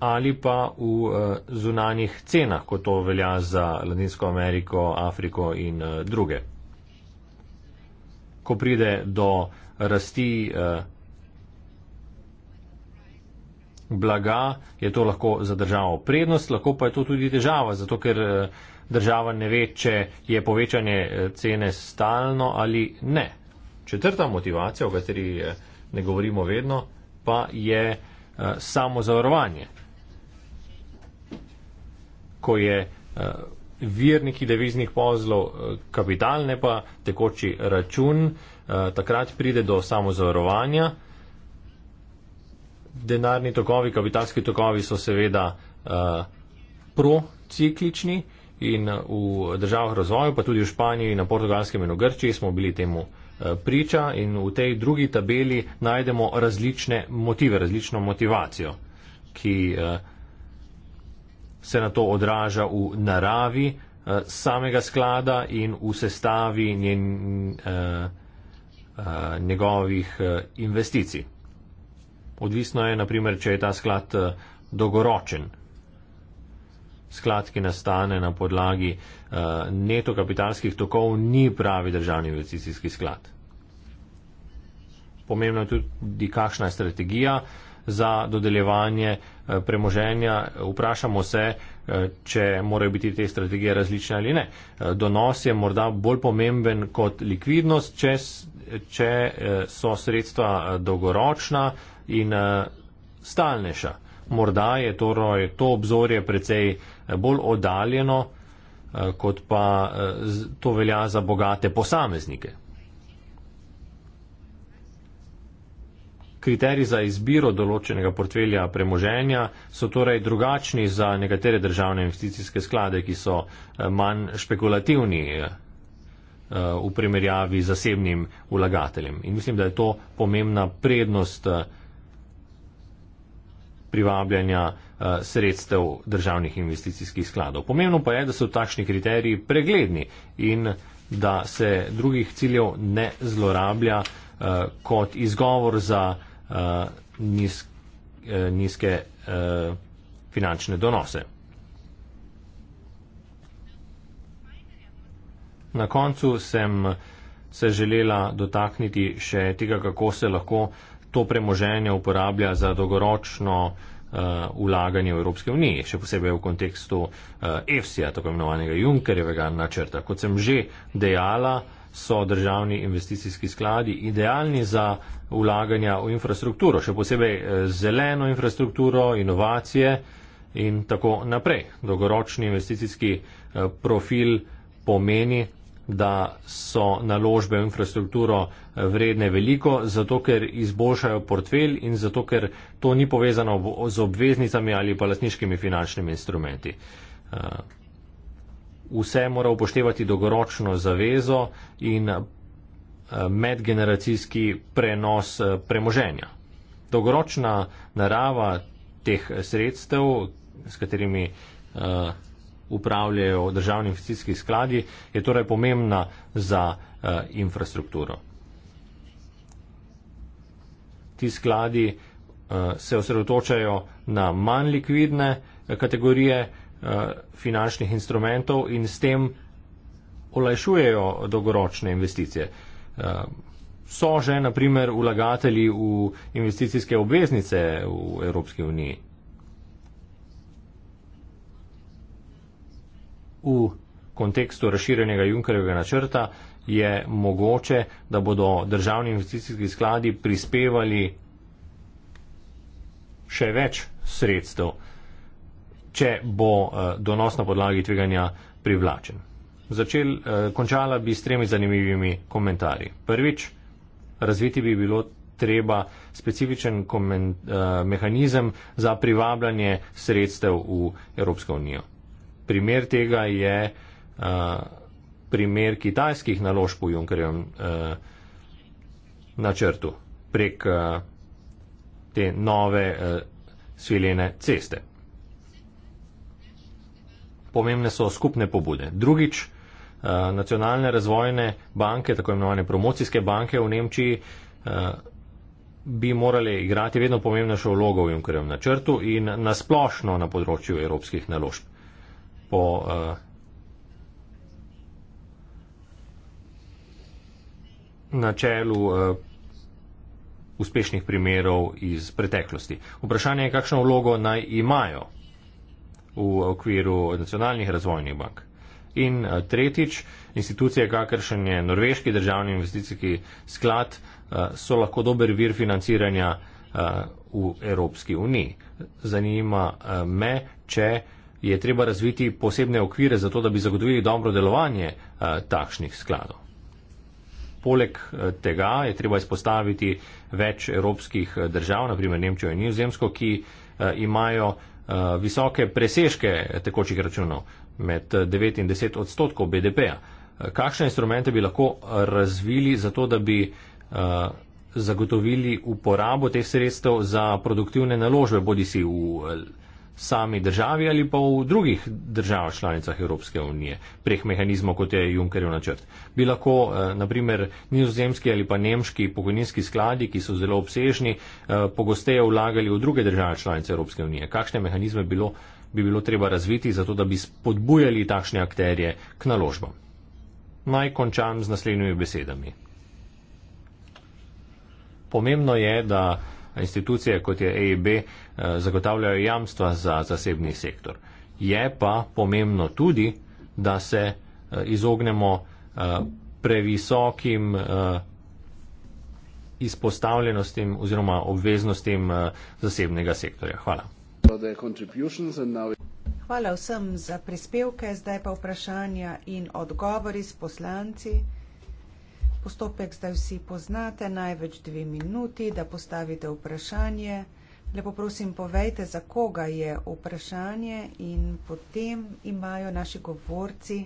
A: ali pa v eh, zunanjih cenah, kot to velja za Latinsko Ameriko, Afriko in eh, druge. Ko pride do rasti eh, blaga, je to lahko za državo prednost, lahko pa je to tudi težava, zato ker država ne ve, če je povečanje cene stalno ali ne. Četrta motivacija, o kateri ne govorimo vedno, pa je samozavarovanje ko je eh, virniki deviznih pozlov eh, kapital, ne pa tekoči račun, eh, takrat pride do samozavarovanja. Denarni tokovi, kapitalski tokovi so seveda prociklični in v državah razvoju, pa tudi v Španiji, na Portugalskem in v Grčiji smo bili temu priča in v tej drugi tabeli najdemo različne motive, različno motivacijo, ki uh, se na to odraža v naravi uh, samega sklada in v sestavi njen, uh, uh, njegovih uh, investicij. Odvisno je, naprimer, če je ta sklad uh, dolgoročen. Sklad, ki nastane na podlagi uh, neto kapitalskih tokov, ni pravi državni investicijski sklad. Pomembno je tudi, kakšna je strategija uh, za dodeljevanje eh, premoženja. Vprašamo se, eh, če morajo biti te strategije različne ali ne. Eh, donos je morda bolj pomemben kot likvidnost, če, če so sredstva dolgoročna in stalnejša. Morda je torej to obzorje precej bolj oddaljeno, kot pa to velja za bogate posameznike. Kriteriji za izbiro določenega portfelja premoženja so torej drugačni za nekatere državne investicijske sklade, ki so eh, manj špekulativni eh, v primerjavi z zasebnim ulagateljem. In mislim, da je to pomembna prednost eh, privabljanja sredstev državnih investicijskih skladov. Pomembno pa je, da so takšni kriteriji pregledni in da se drugih ciljev ne zlorablja kot izgovor za uh, eh, nis, uh, eh, nizke uh, finančne donose. Na koncu sem se želela dotakniti še tega, kako se lahko to premoženje uporablja za dolgoročno uh, vlaganje v Evropske unije, še posebej v kontekstu uh, EFSI-ja, tako imenovanega Junckerjevega načrta. Kot sem že dejala, uh, so državni investicijski skladi idealni za ulaganja v infrastrukturo, še posebej eh, zeleno infrastrukturo, inovacije in tako naprej. Dolgoročni investicijski eh, profil pomeni, da so naložbe v infrastrukturo eh, vredne veliko, zato ker izboljšajo portfelj in zato ker to ni povezano z obveznicami ali pa lasniškimi finančnimi instrumenti vse mora upoštevati dolgoročno zavezo in eh, medgeneracijski prenos eh, premoženja. Dolgoročna narava teh sredstev, s katerimi eh, upravljajo državni investicijski skladi, je torej pomembna za infrastrukturo. Ti skladi se osredotočajo na manj likvidne kategorije, Eh, finančnih instrumentov in s tem olajšujejo dolgoročne investicije. Eh, so že, naprimer, vlagatelji v investicijske obveznice v Evropski uniji. V kontekstu razširjenega Junkerjevega načrta je mogoče, da bodo državni investicijski skladi prispevali še več sredstev uh, če bo eh, donos na podlagi tveganja privlačen. Začel, eh, končala bi s tremi zanimivimi komentarji. Prvič, razviti bi bilo treba specifičen koment, eh, mehanizem za privabljanje sredstev v Evropsko unijo. Primer tega je eh, primer kitajskih naložb v Junkerjem eh, načrtu prek eh, te nove eh, svilene ceste pomembne so skupne pobude. Drugič, eh, nacionalne razvojne banke, tako imenovane promocijske banke v Nemčiji, eh, bi morali igrati vedno pomembnejšo vlogo v Junkerjem načrtu in nasplošno na področju evropskih naložb. Po, eh, na čelu uh, uspešnih primerov iz preteklosti. Vprašanje je, kakšno vlogo naj imajo v okviru nacionalnih razvojnih bank. In eh, tretjič, institucije, kakršen je Norveški državni investicijski sklad, eh, so lahko dober vir financiranja eh, v Evropski uniji. Zanima me, če je treba razviti posebne okvire za to, da bi zagotovili dobro delovanje takšnih skladov. Poleg tega je treba izpostaviti več evropskih držav, naprimer Nemčijo in Nizozemsko, ki imajo Eh, visoke presežke tekočih računov med 9 in 10 odstotkov BDP-ja. Eh, kakšne instrumente bi lahko razvili za to, da bi eh, zagotovili uporabo teh sredstev za produktivne naložbe, bodi si v sami državi ali pa v drugih državah članicah Evropske unije preh mehanizmov, kot je Junckerjev načrt. Bi lahko eh, naprimer nizozemski ali pa nemški pokojninski skladi, ki so zelo obsežni, eh, pogosteje vlagali v druge države članice Evropske unije. Kakšne mehanizme bilo, bi bilo treba razviti, zato da bi spodbujali takšne akterje k naložbam? Naj končam z naslednjimi besedami. Pomembno je, da institucije, kot je EIB, eh, zagotavljajo jamstva za zasebni sektor. Je pa pomembno tudi, da se eh, izognemo eh, previsokim izpostavljenostim oziroma obveznostim zasebnega sektorja. Hvala.
B: Hvala vsem za prispevke, zdaj pa vprašanja in odgovori s poslanci. Postopek zdaj vsi poznate, največ dve minuti, da postavite vprašanje. Lepo prosim, povejte, za koga je vprašanje in potem imajo naši govorci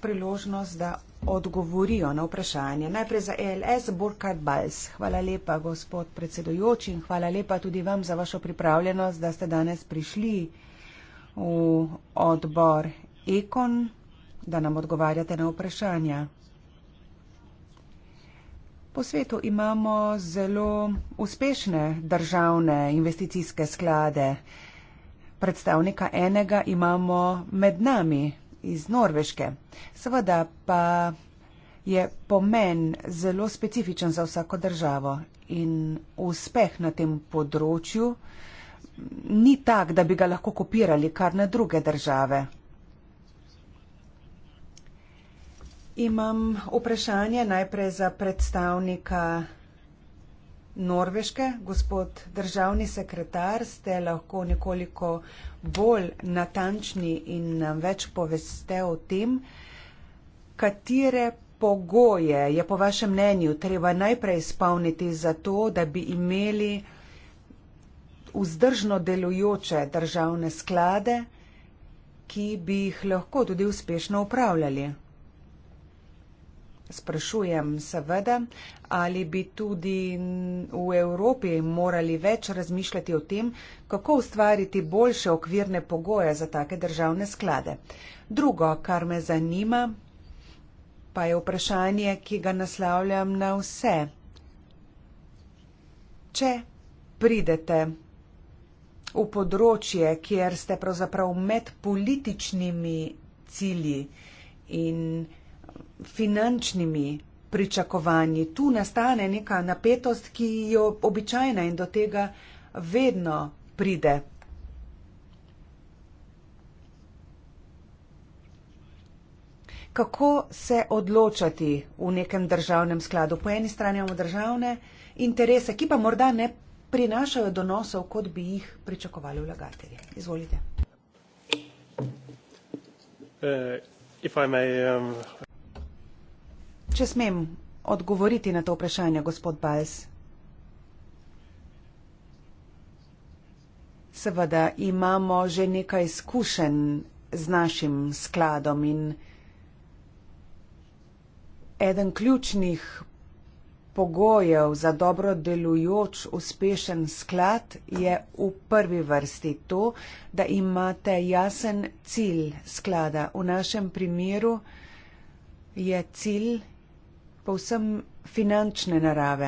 B: priložnost, da odgovorijo na vprašanje. Najprej za ELS Burkhard Bals. Hvala lepa, gospod predsedojoči, in hvala lepa tudi vam za vašo pripravljenost, da ste danes prišli v odbor Ekon, da nam odgovarjate na vprašanja. Po svetu imamo zelo uspešne državne investicijske sklade. Predstavnika enega imamo med nami iz Norveške. Seveda pa je pomen zelo specifičen za vsako državo in uspeh na tem področju ni tak, da bi ga lahko kopirali kar na druge države. Imam vprašanje najprej za predstavnika Norveške. Gospod državni sekretar, ste lahko nekoliko bolj natančni in nam več poveste o tem, katere pogoje je po vašem mnenju treba najprej izpolniti za to, da bi imeli vzdržno delujoče državne sklade, ki bi jih lahko tudi uspešno upravljali sprašujem seveda, ali bi tudi v Evropi morali več razmišljati o tem, kako ustvariti boljše okvirne pogoje za take državne sklade. Drugo, kar me zanima, pa je vprašanje, ki ga naslavljam na vse. Če pridete v področje, kjer ste pravzaprav med političnimi cilji in finančnimi pričakovanji. Tu nastane neka napetost, ki jo običajna in do tega vedno pride. Kako se odločati v nekem državnem skladu? Po eni strani imamo državne interese, ki pa morda ne prinašajo donosov, kot bi jih pričakovali vlagatelji. Izvolite.
C: Uh, if I may, um
B: če smem odgovoriti na to vprašanje, gospod Bajs. Seveda imamo že nekaj izkušenj z našim skladom in eden ključnih pogojev za dobro delujoč uspešen sklad je v prvi vrsti to, da imate jasen cilj sklada. V našem primeru je cilj povsem finančne narave?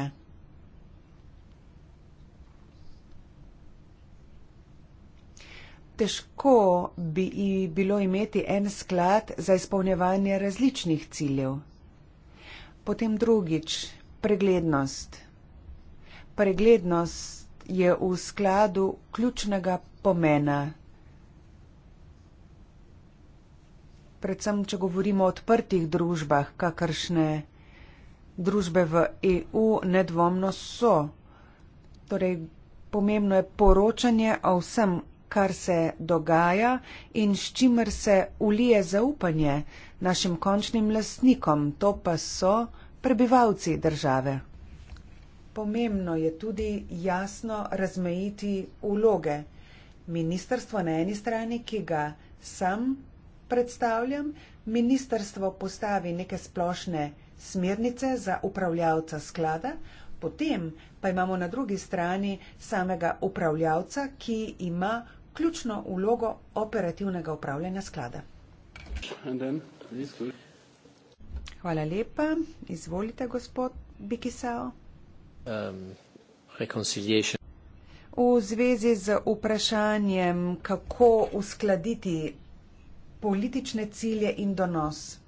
B: Težko bi bilo imeti en sklad za izpolnjevanje različnih ciljev. Potem drugič, preglednost. Preglednost je v skladu ključnega pomena. Predvsem, če govorimo o odprtih družbah, kakršne družbe v EU nedvomno so. Torej, pomembno je poročanje o vsem, kar se dogaja in s čimer se ulije zaupanje našim končnim lastnikom, to pa so prebivalci države. Pomembno je tudi jasno razmejiti vloge. Ministrstvo na eni strani, ki ga sam predstavljam, ministrstvo postavi neke splošne smernice za upravljavca sklada, potem pa imamo na drugi strani samega upravljavca, ki ima ključno vlogo operativnega upravljanja sklada. Hvala lepa. Izvolite, gospod Bikisao. Um, v zvezi z vprašanjem, kako uskladiti politične cilje in donos,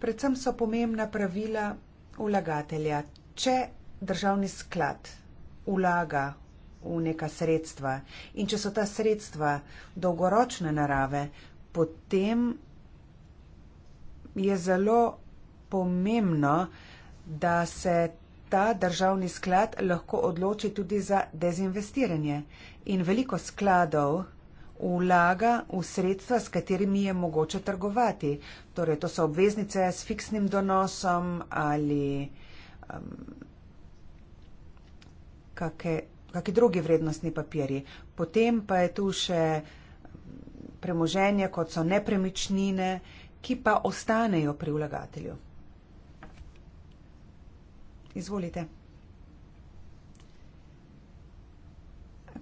B: Predvsem so pomembna pravila vlagatelja. Če državni sklad vlaga v neka sredstva in če so ta sredstva dolgoročne narave, potem je zelo pomembno, da se ta državni sklad lahko odloči tudi za dezinvestiranje. In veliko skladov vlaga v sredstva, s katerimi je mogoče trgovati. Torej, to so obveznice s fiksnim donosom ali um, kakšni drugi vrednostni papiri. Potem pa je tu še um, premoženje, kot so nepremičnine, ki pa ostanejo pri vlagatelju. Izvolite.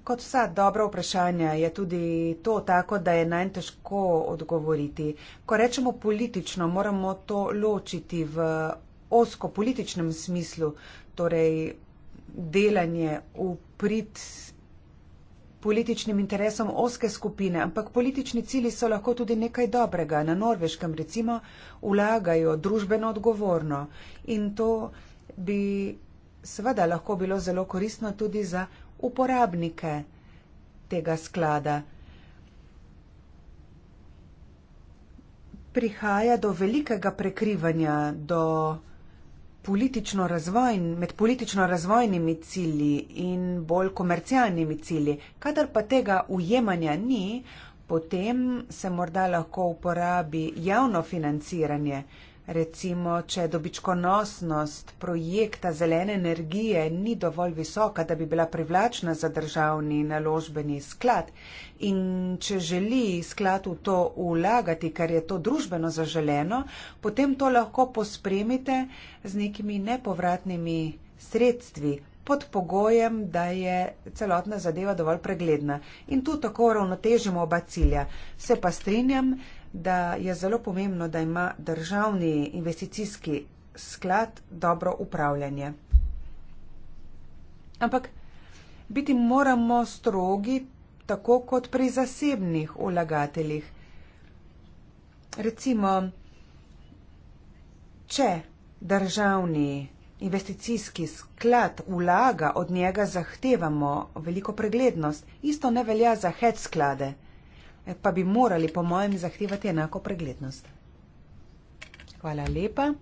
B: Kot vsa dobra vprašanja je tudi to tako, da je najmanj težko odgovoriti. Ko rečemo politično, moramo to ločiti v osko-političnem smislu, torej delanje v prid političnim interesom oske skupine, ampak politični cilji so lahko tudi nekaj dobrega. Na norveškem recimo vlagajo družbeno odgovorno in to bi seveda lahko bilo zelo koristno tudi za uporabnike tega sklada. Prihaja do velikega prekrivanja, do politično razvojn, med politično razvojnimi cilji in bolj komercialnimi cilji. Kadar pa tega ujemanja ni, potem se morda lahko uporabi javno financiranje, Recimo, če dobičkonosnost projekta zelene energije ni dovolj visoka, da bi bila privlačna za državni naložbeni sklad in če želi sklad v to ulagati, ker je to družbeno zaželeno, potem to lahko pospremite z nekimi nepovratnimi sredstvi pod pogojem, da je celotna zadeva dovolj pregledna. In tu tako ravnotežimo oba cilja. Se pa strinjam, da je zelo pomembno, da ima državni investicijski sklad dobro upravljanje. Ampak biti moramo strogi, tako kot pri zasebnih vlagateljih. Recimo, če državni investicijski sklad vlaga, od njega zahtevamo veliko preglednost. Isto ne velja za hedge sklade pa bi morali po mojem zahtevati enako preglednost. Hvala lepa.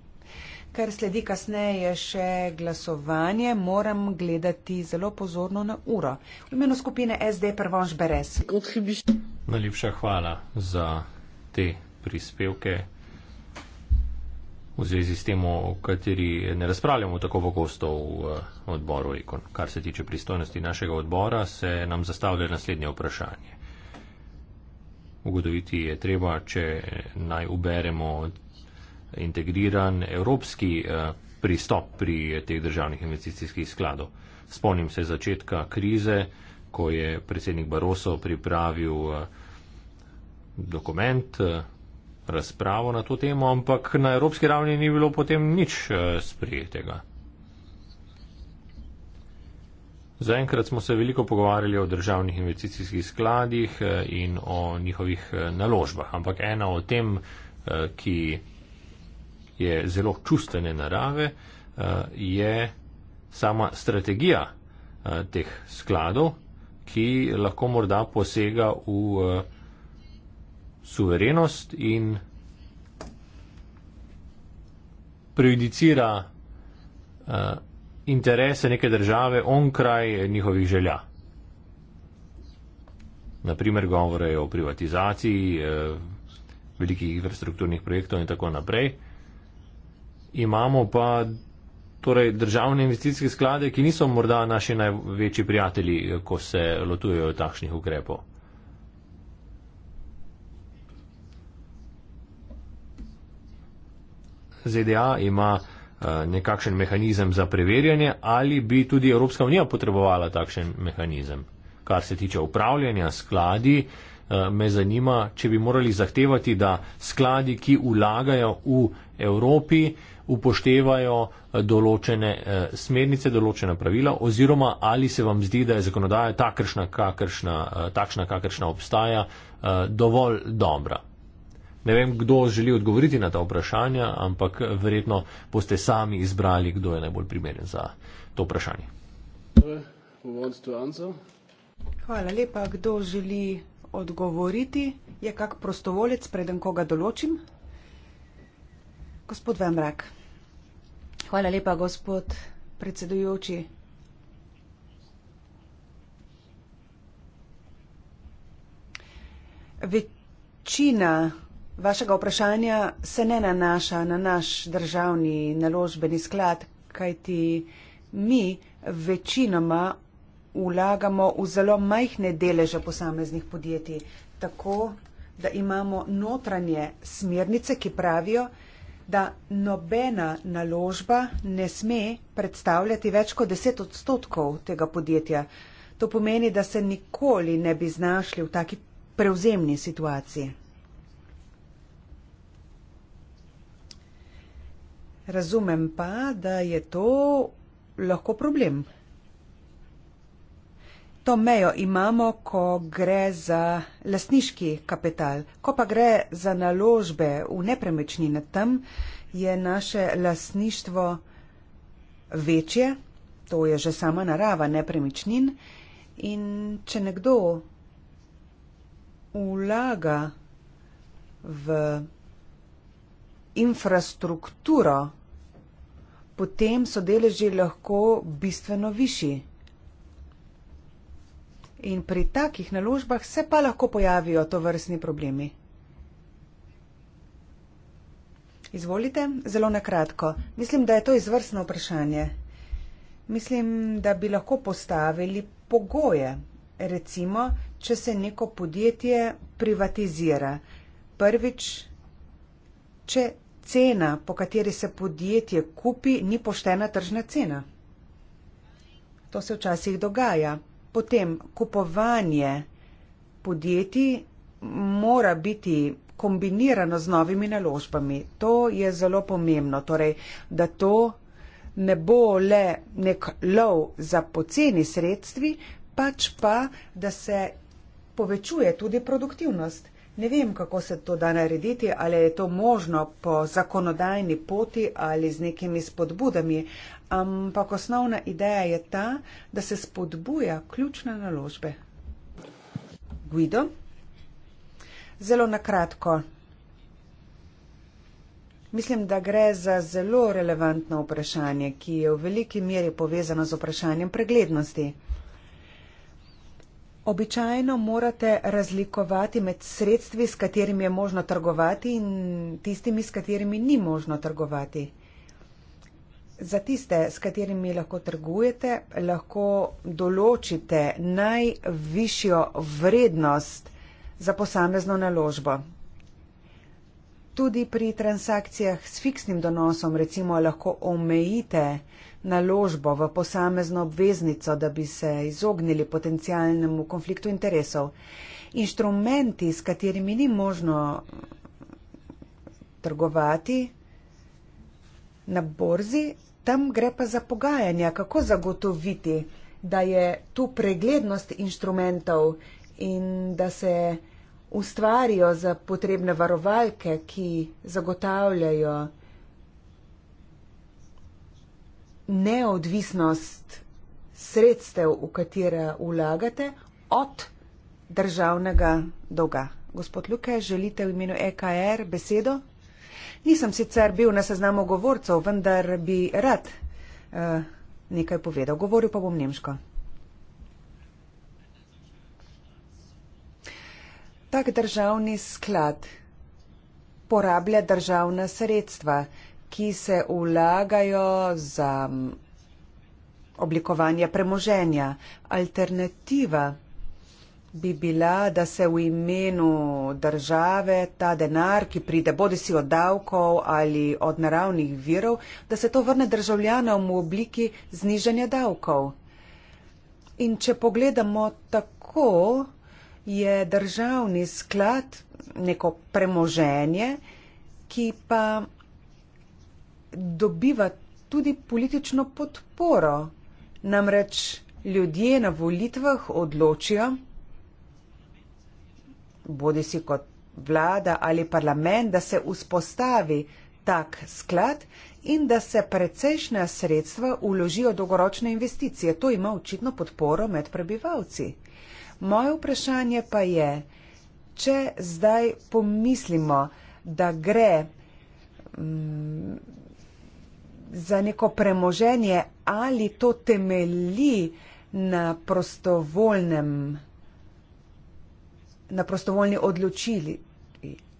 B: Ker sledi kasneje je še glasovanje, moram gledati zelo pozorno na uro. V imenu skupine SD Prvonš Beres.
A: Najlepša hvala za te prispevke v zvezi s tem, o kateri ne razpravljamo tako pogosto v eh, odboru. Kar se tiče pristojnosti našega odbora, se nam zastavlja naslednje vprašanje ugotoviti je treba, če naj uberemo integriran evropski eh, pristop pri teh državnih investicijskih skladov. Spomnim se začetka krize, ko je predsednik Baroso pripravil eh, dokument, eh, razpravo na to temo, ampak na evropski ravni ni bilo potem nič sprijetega. Zaenkrat smo se veliko pogovarjali o državnih investicijskih skladih eh, in o njihovih eh, naložbah, ampak ena o tem, eh, ki je zelo čustvene narave, je sama strategija teh skladov, ki lahko morda posega v suverenost in prejudicira interese neke države onkraj njihovih želja. Naprimer, govorejo o privatizaciji eh, velikih infrastrukturnih projektov in tako naprej. Imamo pa torej, državne investicijske sklade, ki niso morda naši največji prijatelji, eh, ko se lotujejo takšnih ukrepov. ZDA e ima Eh, nekakšen mehanizem za preverjanje ali bi tudi Evropska unija potrebovala takšen mehanizem. Kar se tiče upravljanja skladi, eh, me zanima, če bi morali zahtevati, da skladi, ki ulagajo v Evropi, upoštevajo eh, določene smernice, določena pravila oziroma ali se vam zdi, da je zakonodaja takšna, kakršna, takšna, kakršna obstaja, dovolj dobra. Ne vem, kdo želi odgovoriti na ta vprašanja, ampak verjetno boste sami izbrali, kdo je najbolj primeren za to vprašanje.
B: Hvala lepa. Kdo želi odgovoriti? Je kak prostovolec, preden koga določim? Gospod Vemrak. Hvala lepa, gospod predsedujoči. Večina Vašega vprašanja se ne nanaša na naš državni naložbeni sklad, kajti mi večinoma vlagamo v zelo majhne deleže posameznih podjetij, tako da imamo notranje smernice, ki pravijo, da nobena naložba ne sme predstavljati več kot 10 odstotkov tega podjetja. To pomeni, da se nikoli ne bi znašli v taki prevzemni situaciji. Razumem pa, da je to lahko problem. To mejo imamo, ko gre za lasniški kapital, ko pa gre za naložbe v nepremičnine, tam je naše lasništvo večje, to je že sama narava nepremičnin. In če nekdo vlaga v infrastrukturo, potem so deleži lahko bistveno višji. In pri takih naložbah se pa lahko pojavijo to vrstni problemi. Izvolite, zelo na kratko. Mislim, da je to izvrstno vprašanje. Mislim, da bi lahko postavili pogoje. Recimo, če se neko podjetje privatizira. Prvič, če cena, po kateri se podjetje kupi, ni poštena tržna cena. To se včasih dogaja. Potem kupovanje podjetij mora biti kombinirano z novimi naložbami. To je zelo pomembno. Torej, da to ne bo le nek lov za poceni sredstvi, pač pa, da se povečuje tudi produktivnost. Ne vem, kako se to da narediti, ali je to možno po zakonodajni poti ali z nekimi spodbudami, ampak osnovna ideja je ta, da se spodbuja ključne naložbe. Guido, zelo nakratko. Mislim, da gre za zelo relevantno vprašanje, ki je v veliki meri povezano z vprašanjem preglednosti. Običajno morate razlikovati med sredstvi, s katerimi je možno trgovati, in tistimi, s katerimi ni možno trgovati. Za tiste, s katerimi lahko trgujete, lahko določite najvišjo vrednost za posamezno naložbo. Tudi pri transakcijah s fiksnim donosom, recimo, lahko omejite naložbo v posamezno obveznico, da bi se izognili potencijalnemu konfliktu interesov. Inštrumenti, s katerimi ni možno trgovati na borzi, tam gre pa za pogajanja, kako zagotoviti, da je tu preglednost inštrumentov in da se ustvarijo za potrebne varovalke, ki zagotavljajo, neodvisnost sredstev, v katere vlagate, od državnega dolga. Gospod Luke, želite v imenu EKR besedo? Nisem sicer bil na seznamu govorcev, vendar bi rad uh, nekaj povedal. Govoril pa bom nemško. Tak državni sklad porablja državna sredstva ki se vlagajo za oblikovanje premoženja. Alternativa bi bila, da se v imenu države ta denar, ki pride bodi si od davkov ali od naravnih virov, da se to vrne državljanom v obliki znižanja davkov. In če pogledamo tako, je državni sklad neko premoženje, ki pa dobiva tudi politično podporo. Namreč ljudje na volitvah odločijo, bodi si kot vlada ali parlament, da se vzpostavi tak sklad in da se precejšnja sredstva uložijo dolgoročne investicije. To ima očitno podporo med prebivalci. Moje vprašanje pa je, če zdaj pomislimo, da gre mm, za neko premoženje, ali to temeli na prostovoljnem, na prostovoljni odločili.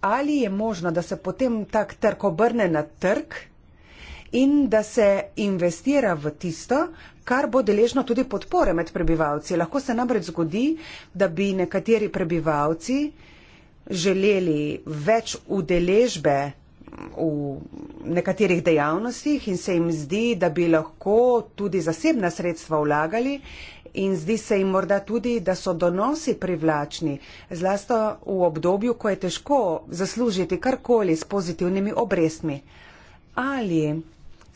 B: Ali je možno, da se potem tak trg obrne na trg in da se investira v tisto, kar bo deležno tudi podpore med prebivalci. Lahko se namreč zgodi, da bi nekateri prebivalci želeli več udeležbe v nekaterih dejavnostih in se jim zdi, da bi lahko tudi zasebna sredstva vlagali in zdi se jim morda tudi, da so donosi privlačni, zlasti v obdobju, ko je težko zaslužiti karkoli s pozitivnimi obrestmi. Ali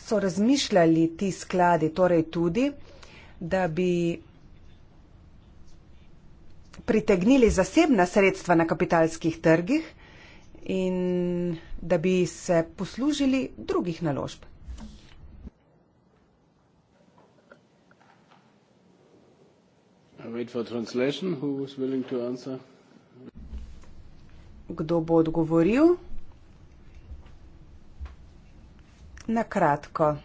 B: so razmišljali ti skladi torej tudi, da bi pritegnili zasebna sredstva na kapitalskih trgih, in da bi se poslužili drugih naložb. Kdo bo odgovoril? Na kratko.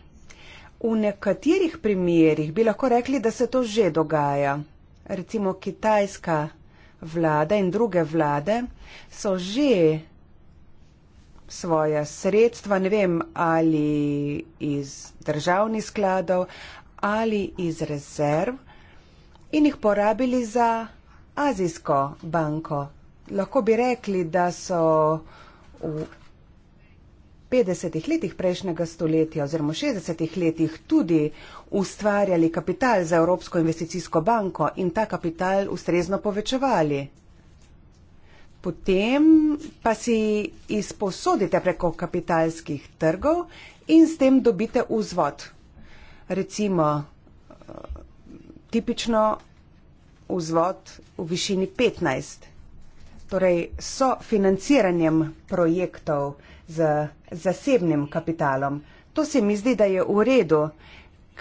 B: V nekaterih primerjih bi lahko rekli, da se to že dogaja. Recimo kitajska vlada in druge vlade so že svoje sredstva, ne vem, ali iz državnih skladov ali iz rezerv in jih porabili za azijsko banko. Lahko bi rekli, da so v 50-ih letih prejšnjega stoletja oziroma 60-ih letih tudi ustvarjali kapital za Evropsko investicijsko banko in ta kapital ustrezno povečevali potem pa si izposodite preko kapitalskih trgov in s tem dobite vzvod. Recimo, eh, tipično vzvod v višini 15, torej so financiranjem projektov z zasebnim kapitalom. To se mi zdi, da je v redu,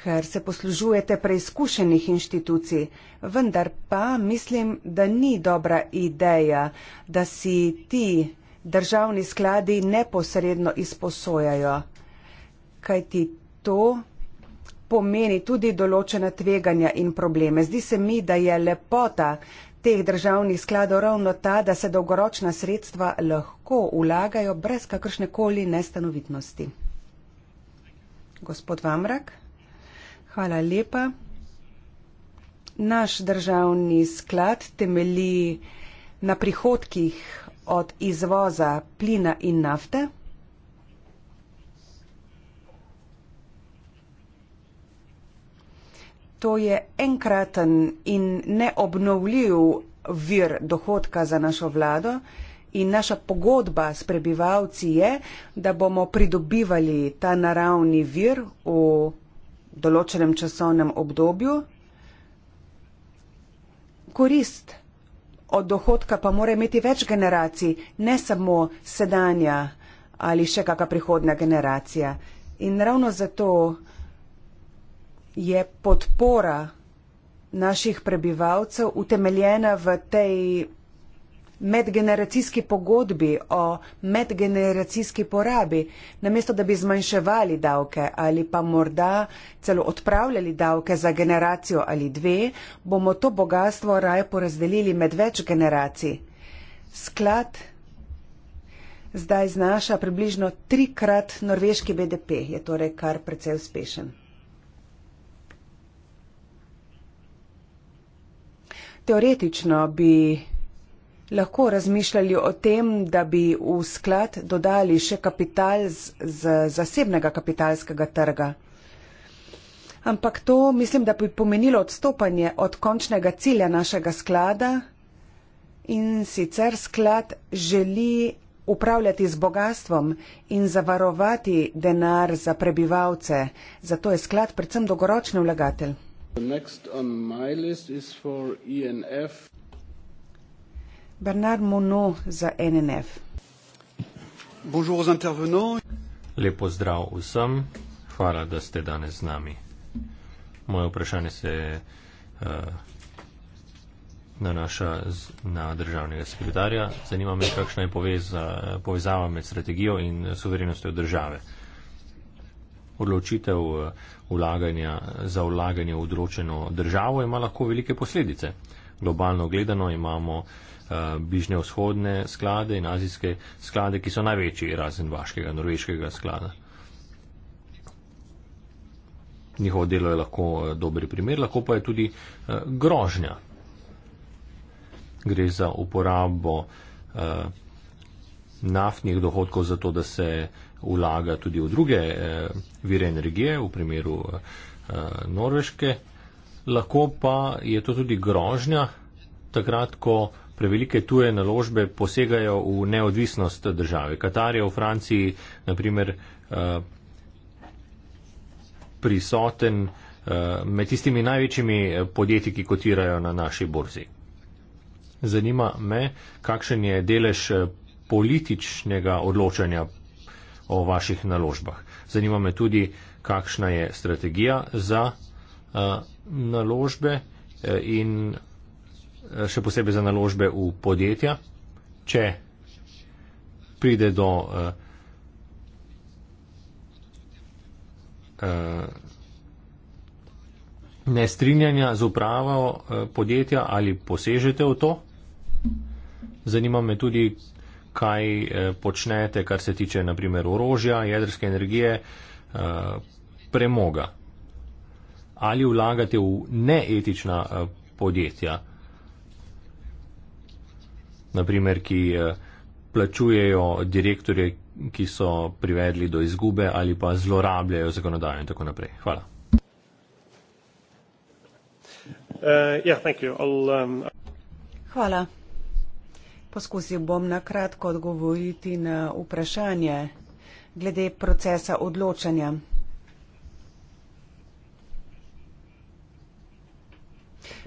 B: ker se poslužujete preizkušenih inštitucij, vendar pa mislim, da ni dobra ideja, da si ti državni skladi neposredno izposojajo, kajti to pomeni tudi določena tveganja in probleme. Zdi se mi, da je lepota teh državnih skladov ravno ta, da se dolgoročna sredstva lahko vlagajo brez kakršne koli nestanovitnosti. Gospod Vamrak? Hvala lepa. Naš državni sklad temelji na prihodkih od izvoza plina in nafte. To je enkraten in neobnovljiv vir dohodka za našo vlado in naša pogodba s prebivalci je, da bomo pridobivali ta naravni vir v določenem časovnem obdobju. Korist od dohodka pa mora imeti več generacij, ne samo sedanja ali še kakšna prihodna generacija. In ravno zato je podpora naših prebivalcev utemeljena v tej medgeneracijski pogodbi, o medgeneracijski porabi, namesto da bi zmanjševali davke ali pa morda celo odpravljali davke za generacijo ali dve, bomo to bogatstvo raje porazdelili med več generacij. Sklad zdaj znaša približno trikrat norveški BDP, je torej kar precej uspešen. Teoretično bi lahko razmišljali o tem, da bi v sklad dodali še kapital z, z zasebnega kapitalskega trga. Ampak to mislim, da bi pomenilo odstopanje od končnega cilja našega sklada in sicer sklad želi upravljati z bogatstvom in zavarovati denar za prebivalce. Zato je sklad predvsem dolgoročni vlagatelj. Bernard Monod za NNF.
A: Lepo zdrav vsem, hvala, da ste danes z nami. Moje vprašanje se uh, nanaša z, na državnega sekretarja. Zanima me, kakšna je poveza, povezava med strategijo in suverenostjo države. Odločitev eh, vlaganja, za vlaganje v odročeno državo ima lahko velike posledice. Globalno gledano imamo uh, Eh, bližnjevzhodne sklade in azijske sklade, ki so največji razen vaškega, norveškega sklada. Njihovo delo je lahko eh, dober primer, lahko pa je tudi eh, grožnja. Gre za uporabo naftnih dohodkov za to, da se vlaga tudi v druge vire energije, v primeru Norveške. Lahko pa je to tudi grožnja, takrat, ko prevelike tuje naložbe posegajo v neodvisnost države. Katar je v Franciji, naprimer, eh, prisoten eh, med tistimi največjimi eh, podjetji, ki kotirajo na naši borzi. Zanima me, kakšen je delež političnega odločanja o vaših naložbah. Zanima me tudi, kakšna je strategija za uh, naložbe in Eh, še posebej za naložbe v podjetja, če pride do uh, uh, nestrinjanja z upravo uh, podjetja ali posežete v to. Zanima me tudi, kaj uh, počnete, kar se tiče naprimer orožja, jedrske energije, uh, premoga. Ali vlagate v neetična uh, podjetja? naprimer, ki eh, plačujejo direktorje, ki so privedli do izgube ali pa zlorabljajo zakonodajo in tako naprej. Hvala. Uh, yeah, um...
B: Hvala. Poskusil bom na kratko odgovoriti na vprašanje glede procesa odločanja.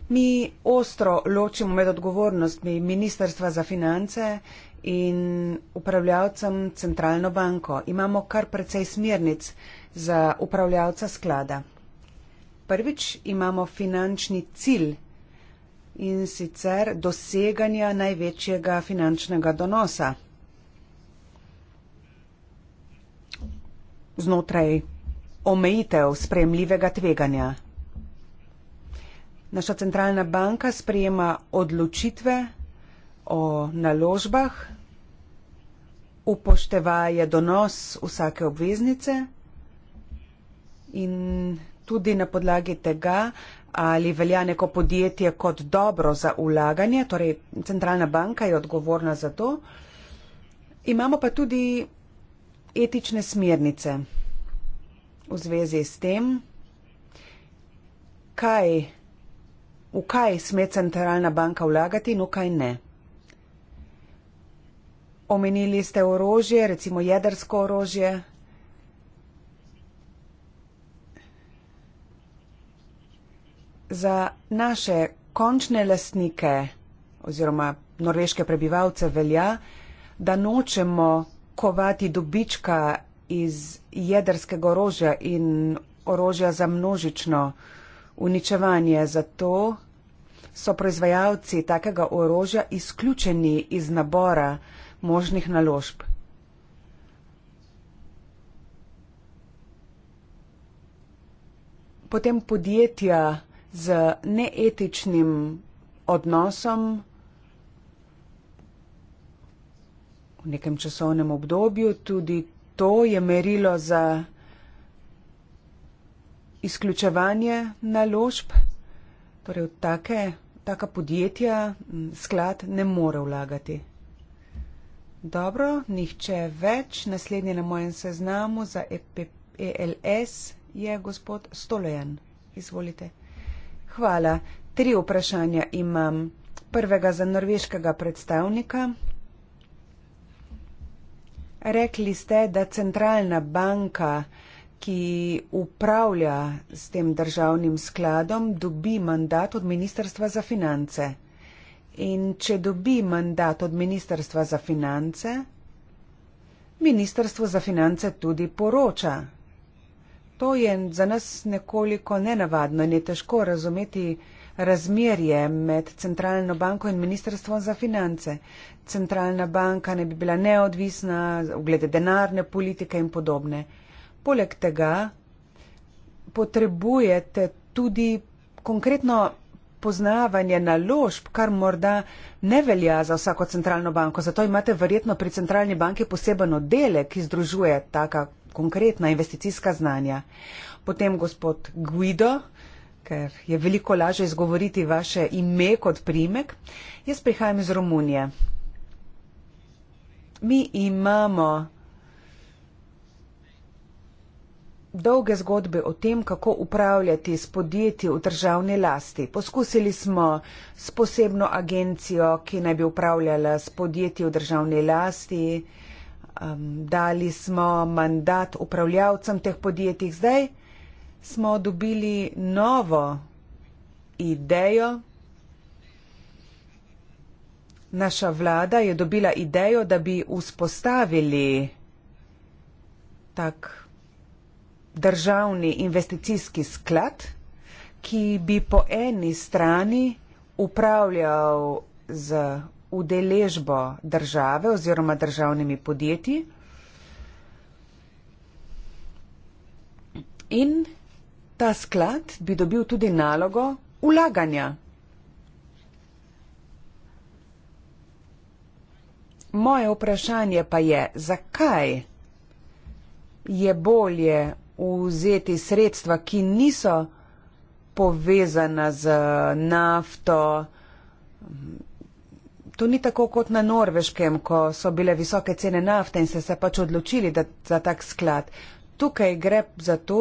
B: Mi ostro ločimo med odgovornostmi Ministrstva za finance in upravljavcem centralno banko. Imamo kar precej smernic za upravljavca sklada. Prvič imamo finančni cilj in sicer doseganja največjega finančnega donosa znotraj omejitev spremljivega tveganja. Naša centralna banka sprejema odločitve o naložbah, upoštevaje donos vsake obveznice in tudi na podlagi tega, ali velja neko podjetje kot dobro za vlaganje, torej centralna banka je odgovorna za to. Imamo pa tudi etične smernice v zvezi s tem, kaj v kaj sme centralna banka vlagati in no v kaj ne. Omenili ste orožje, recimo jedrsko orožje. Za naše končne lastnike oziroma norveške prebivalce velja, da nočemo kovati dobička iz jedrskega orožja in orožja za množično uničevanje. Zato so proizvajalci takega orožja izključeni iz nabora možnih naložb. Potem podjetja z neetičnim odnosom v nekem časovnem obdobju, tudi to je merilo za izključevanje naložb, torej v take podjetja taka podjetja sklad ne more vlagati. Dobro, nihče več. Naslednji na mojem seznamu za ELS e je gospod Stolojan. Izvolite. Hvala. Tri vprašanja imam. Prvega za norveškega predstavnika. Rekli ste, da centralna banka ki upravlja s tem državnim skladom, dobi mandat od Ministrstva za finance. In če dobi mandat od Ministrstva za finance, Ministrstvo za finance tudi poroča. To je za nas nekoliko nenavadno in je težko razumeti razmerje med centralno banko in Ministrstvom za finance. Centralna banka ne bi bila neodvisna, glede denarne politike in podobne poleg tega potrebujete tudi konkretno poznavanje naložb, kar morda ne velja za vsako centralno banko. Zato imate verjetno pri centralni banki poseben oddelek, ki združuje taka konkretna investicijska znanja. Potem gospod Guido, ker je veliko lažje izgovoriti vaše ime kot primek. Jaz prihajam iz Romunije. Mi imamo dolge zgodbe o tem, kako upravljati s podjetji v državni lasti. Poskusili smo s posebno agencijo, ki naj bi upravljala s podjetji v državni lasti. Dali smo mandat upravljavcem teh podjetij. Zdaj smo dobili novo idejo. Naša vlada je dobila idejo, da bi vzpostavili tak državni investicijski sklad, ki bi po eni strani upravljal z udeležbo države oziroma državnimi podjetji in ta sklad bi dobil tudi nalogo ulaganja. Moje vprašanje pa je, zakaj je bolje vzeti sredstva, ki niso povezana z nafto. To ni tako kot na norveškem, ko so bile visoke cene nafte in se se pač odločili da, za tak sklad. Tukaj gre za to,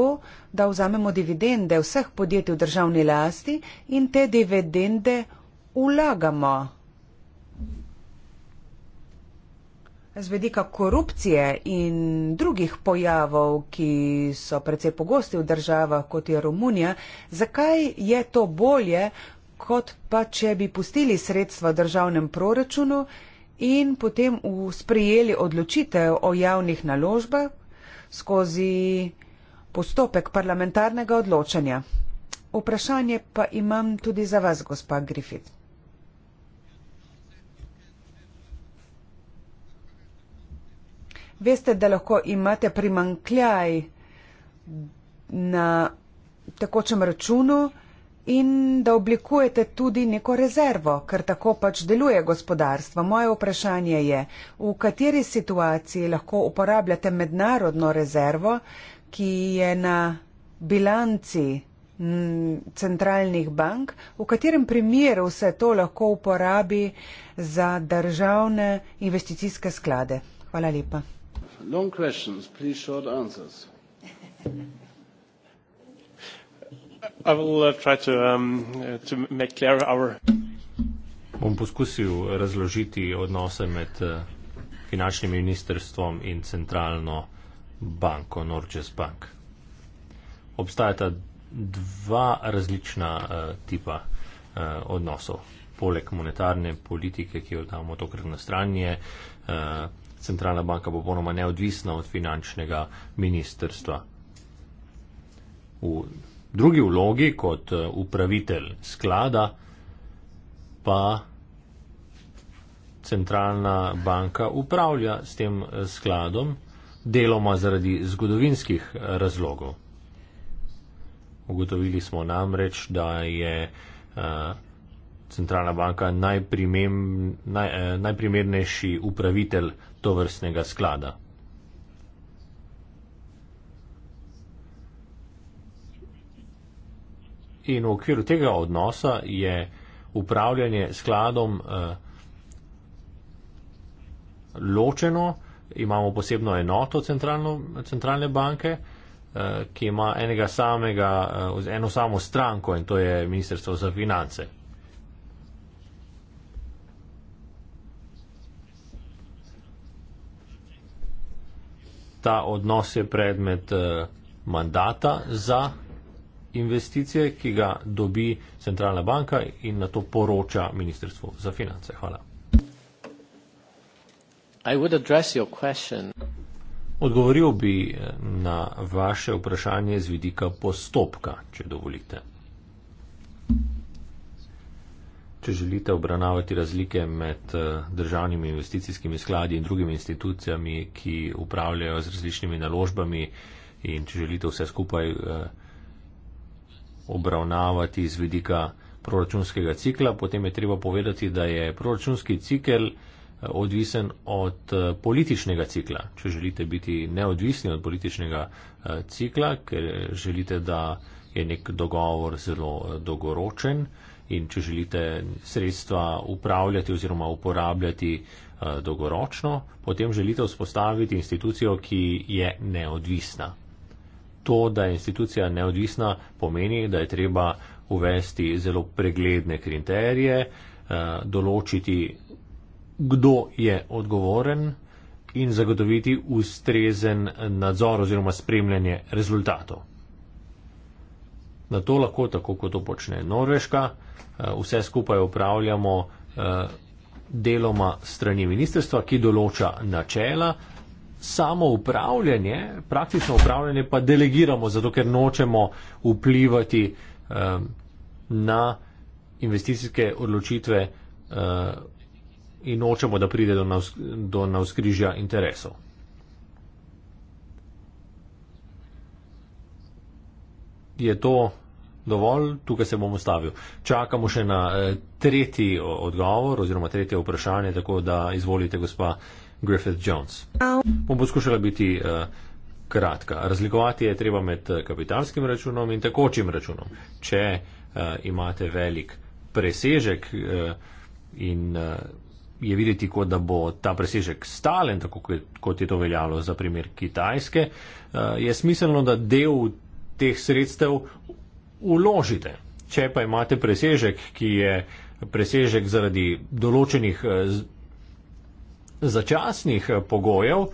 B: da vzamemo dividende vseh podjetij v državni lasti in te dividende vlagamo Z vedika korupcije in drugih pojavov, ki so precej pogosti v državah kot je Romunija, zakaj je to bolje, kot pa če bi pustili sredstva v državnem proračunu in potem sprejeli odločitev o javnih naložbah skozi postopek parlamentarnega odločanja? Vprašanje pa imam tudi za vas, gospa Griffith. veste, da lahko imate primankljaj na tekočem računu in da oblikujete tudi neko rezervo, ker tako pač deluje gospodarstvo. Moje vprašanje je, v kateri situaciji lahko uporabljate mednarodno rezervo, ki je na bilanci centralnih bank, v katerem primeru se to lahko uporabi za državne investicijske sklade. Hvala lepa. Long questions, please short answers.
A: I will uh, try to um, uh, to make clear our. Bom poskusil razložiti odnose med uh, finančnim ministrstvom in centralno banko Norges Bank. Obstajata dva različna uh, tipa uh, odnosov. Poleg monetarne politike, ki jo damo tokrat na stranje, uh, centralna banka popolnoma neodvisna od finančnega ministrstva. V drugi vlogi kot eh, upravitelj sklada pa centralna banka upravlja s tem eh, skladom deloma zaradi zgodovinskih eh, razlogov. Ugotovili smo namreč, da je centralna banka najprimernejši naj, eh, upravitelj tovrstnega sklada? In v okviru tega odnosa je upravljanje skladom eh, ločeno, imamo posebno enoto centralno, centralne banke, eh, ki ima enega samega, eh, eno samo stranko in to je Ministrstvo za finance. ta odnos je predmet eh, mandata za investicije, ki ga dobi centralna banka in na to poroča Ministrstvo za finance. Hvala. Odgovoril bi eh, na vaše vprašanje z vidika postopka, če dovolite. če želite obravnavati razlike med eh, državnimi investicijskimi skladi in drugimi institucijami, ki upravljajo z različnimi naložbami in če želite vse skupaj eh, obravnavati z vidika proračunskega cikla, potem je treba povedati, da je proračunski cikel eh, odvisen od političnega cikla. Če želite biti neodvisni od političnega cikla, ker želite, da je nek dogovor zelo dolgoročen, in če želite sredstva upravljati oziroma uporabljati eh, dolgoročno, potem želite vzpostaviti institucijo, ki je neodvisna. To, da je institucija neodvisna, pomeni, da je treba uvesti zelo pregledne kriterije, eh, določiti, kdo je odgovoren in zagotoviti ustrezen nadzor oziroma spremljanje rezultatov. Na to lahko, tako kot to počne Norveška, eh, vse skupaj upravljamo eh, deloma strani ministrstva, ki določa načela, samo upravljanje, praktično upravljanje pa delegiramo, zato ker nočemo vplivati eh, na investicijske odločitve in nočemo, da pride do navskrižja interesov. je to dovolj, tukaj se bom ustavil. Čakamo še na eh, tretji odgovor oziroma tretje vprašanje, tako da izvolite gospa Griffith Jones. Bom poskušala biti eh, kratka. Razlikovati je treba med eh, kapitalskim računom in tekočim računom. Če imate velik presežek in je videti, kot da bo ta presežek stalen, tako kot je to veljalo za primer Kitajske, je smiselno, da del teh sredstev uložite. Če pa imate presežek, ki je presežek zaradi določenih eh, začasnih eh, pogojev eh,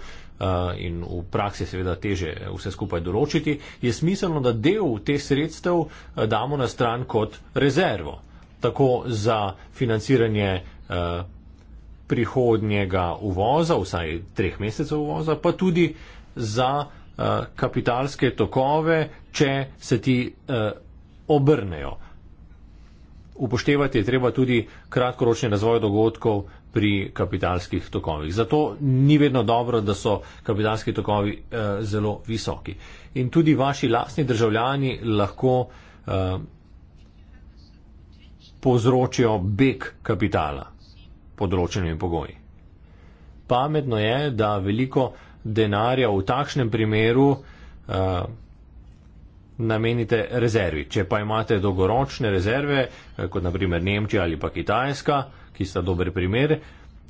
A: in v praksi seveda teže vse skupaj določiti, je smiselno, da del teh sredstev damo na stran kot rezervo. Tako za financiranje prihodnjega uvoza, vsaj treh mesecev uvoza, pa tudi za kapitalske tokove, če se ti uh, obrnejo. Upoštevati je treba tudi kratkoročni razvoj dogodkov pri kapitalskih tokovih. Zato ni vedno dobro, da so kapitalski tokovi uh, zelo visoki. In tudi vaši lastni državljani lahko uh, povzročijo beg kapitala pod določenimi pogoji. Pametno je, da veliko denarja v takšnem primeru uh, namenite rezervi. Če pa imate dolgoročne rezerve, eh, kot naprimer Nemčija ali pa Kitajska, ki sta dober primer,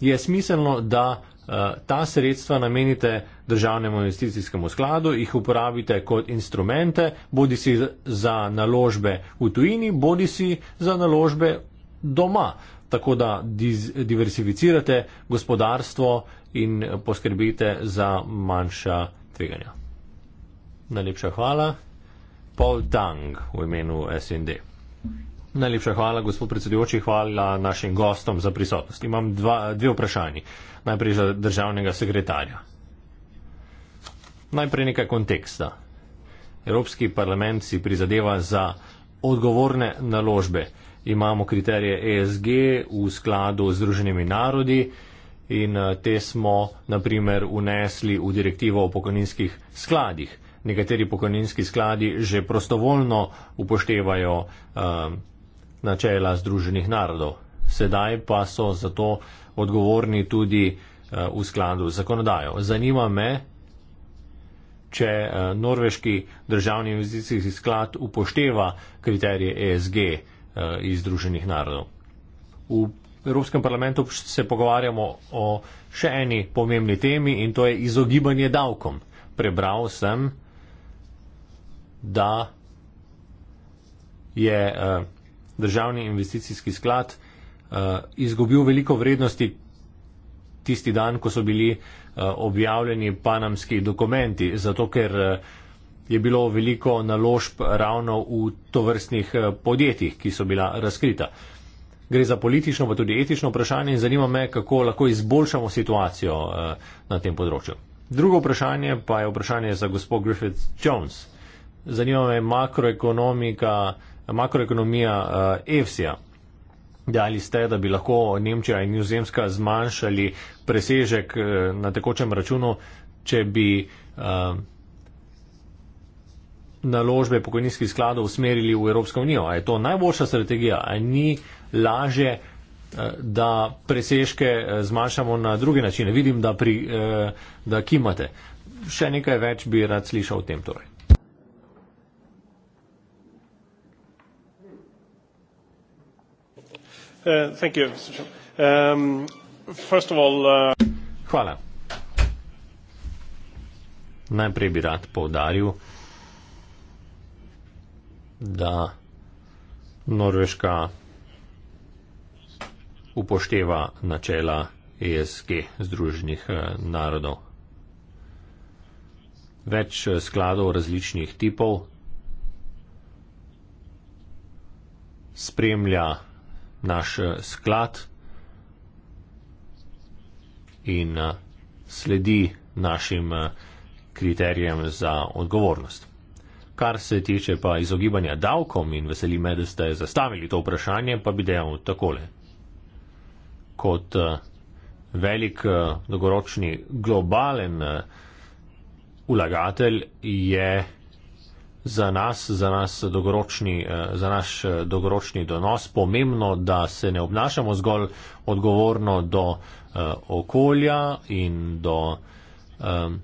A: je smiselno, da eh, ta sredstva namenite državnemu investicijskemu skladu, jih uporabite kot instrumente, bodi si za naložbe v tujini, bodi si za naložbe doma. Tako da diversificirate gospodarstvo in poskrbite za manjša tveganja. Najlepša hvala. Paul Dang v imenu SND. Najlepša hvala, gospod predsedujoči, hvala našim gostom za prisotnost. Imam dva, dve vprašanje. Najprej za državnega sekretarja. Najprej nekaj konteksta. Evropski parlament si prizadeva za odgovorne naložbe. Imamo kriterije ESG v skladu z druženimi narodi in eh, te smo, naprimer, unesli v direktivo o pokojninskih skladih nekateri pokojninski skladi že prostovoljno upoštevajo uh, načela Združenih narodov. Sedaj pa so zato odgovorni tudi uh, v skladu z zakonodajo. Zanima me, če uh, norveški državni investicijski sklad upošteva kriterije ESG uh, iz Združenih narodov. V Evropskem parlamentu se pogovarjamo o še eni pomembni temi in to je izogibanje davkom. Prebral sem, uh, da je eh, državni investicijski sklad eh, izgubil veliko vrednosti tisti dan, ko so bili eh, objavljeni panamski dokumenti, zato ker je bilo veliko naložb ravno v tovrstnih podjetjih, ki so bila razkrita. Gre za politično, pa tudi etično vprašanje in zanima me, kako lahko izboljšamo situacijo na tem področju. Drugo vprašanje pa je vprašanje za gospod Griffith Jones zanima me makroekonomika, makroekonomija uh, eh, EFSI-ja. Dali ste, da bi lahko Nemčija in Nizozemska zmanjšali presežek uh, na tekočem računu, če bi uh, naložbe pokojninskih skladov usmerili v Evropsko unijo. A je to najboljša strategija? A ni laže, uh, da presežke uh, zmanjšamo na druge načine? Vidim, da, pri, uh, da kimate. Še nekaj več bi rad slišal o tem torej.
B: Uh, thank you.
A: Um, first of all, uh, Hvala. Najprej bi rad poudaril, da Norveška upošteva načela ESG Združenih eh, narodov. Več eh, skladov različnih tipov spremlja naš eh, sklad in eh, sledi našim eh, kriterijem za odgovornost. Kar se tiče pa izogibanja davkom in veseli me, da ste zastavili to vprašanje, pa bi dejal takole. Kot velik dolgoročni globalen vlagatelj je za nas, za, nas eh, za naš eh, dolgoročni donos pomembno, da se ne obnašamo zgolj odgovorno do uh, okolja in do um,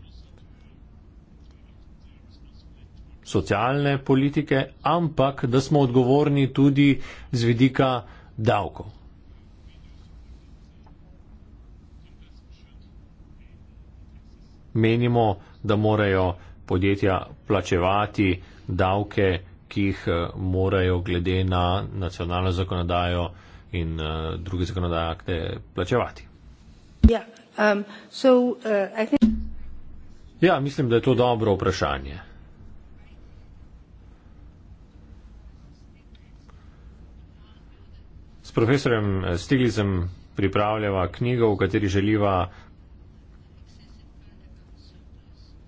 A: socialne politike, ampak da smo odgovorni tudi z vidika davkov. Menimo, da morajo podjetja plačevati davke, ki jih eh, morajo glede na nacionalno zakonodajo in uh, druge zakonodaje akte plačevati.
C: Ja, um, so, uh, think...
A: ja, mislim, da je to dobro vprašanje. S profesorjem Stiglizem pripravljava knjigo, v kateri želiva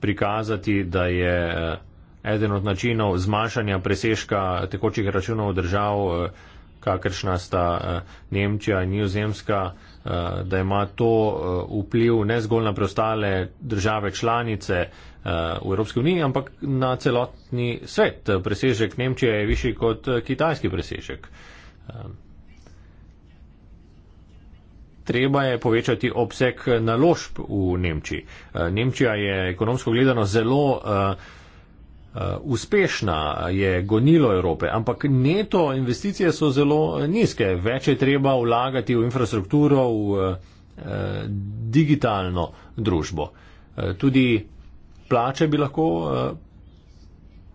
A: prikazati, da je uh, eden od načinov zmanjšanja presežka tekočih računov držav, eh, kakršna sta eh, Nemčija in Nizozemska, eh, da ima to vpliv ne zgolj na preostale države članice v Evropski uniji, ampak na celotni svet. Presežek Nemčije je višji kot kitajski presežek. Treba je povečati obseg naložb v Nemčiji. Nemčija je ekonomsko gledano zelo uh, Eh, uspešna je gonilo Evrope, ampak neto investicije so zelo nizke. Več je treba vlagati v infrastrukturo, v eh, digitalno družbo. Eh, tudi plače bi lahko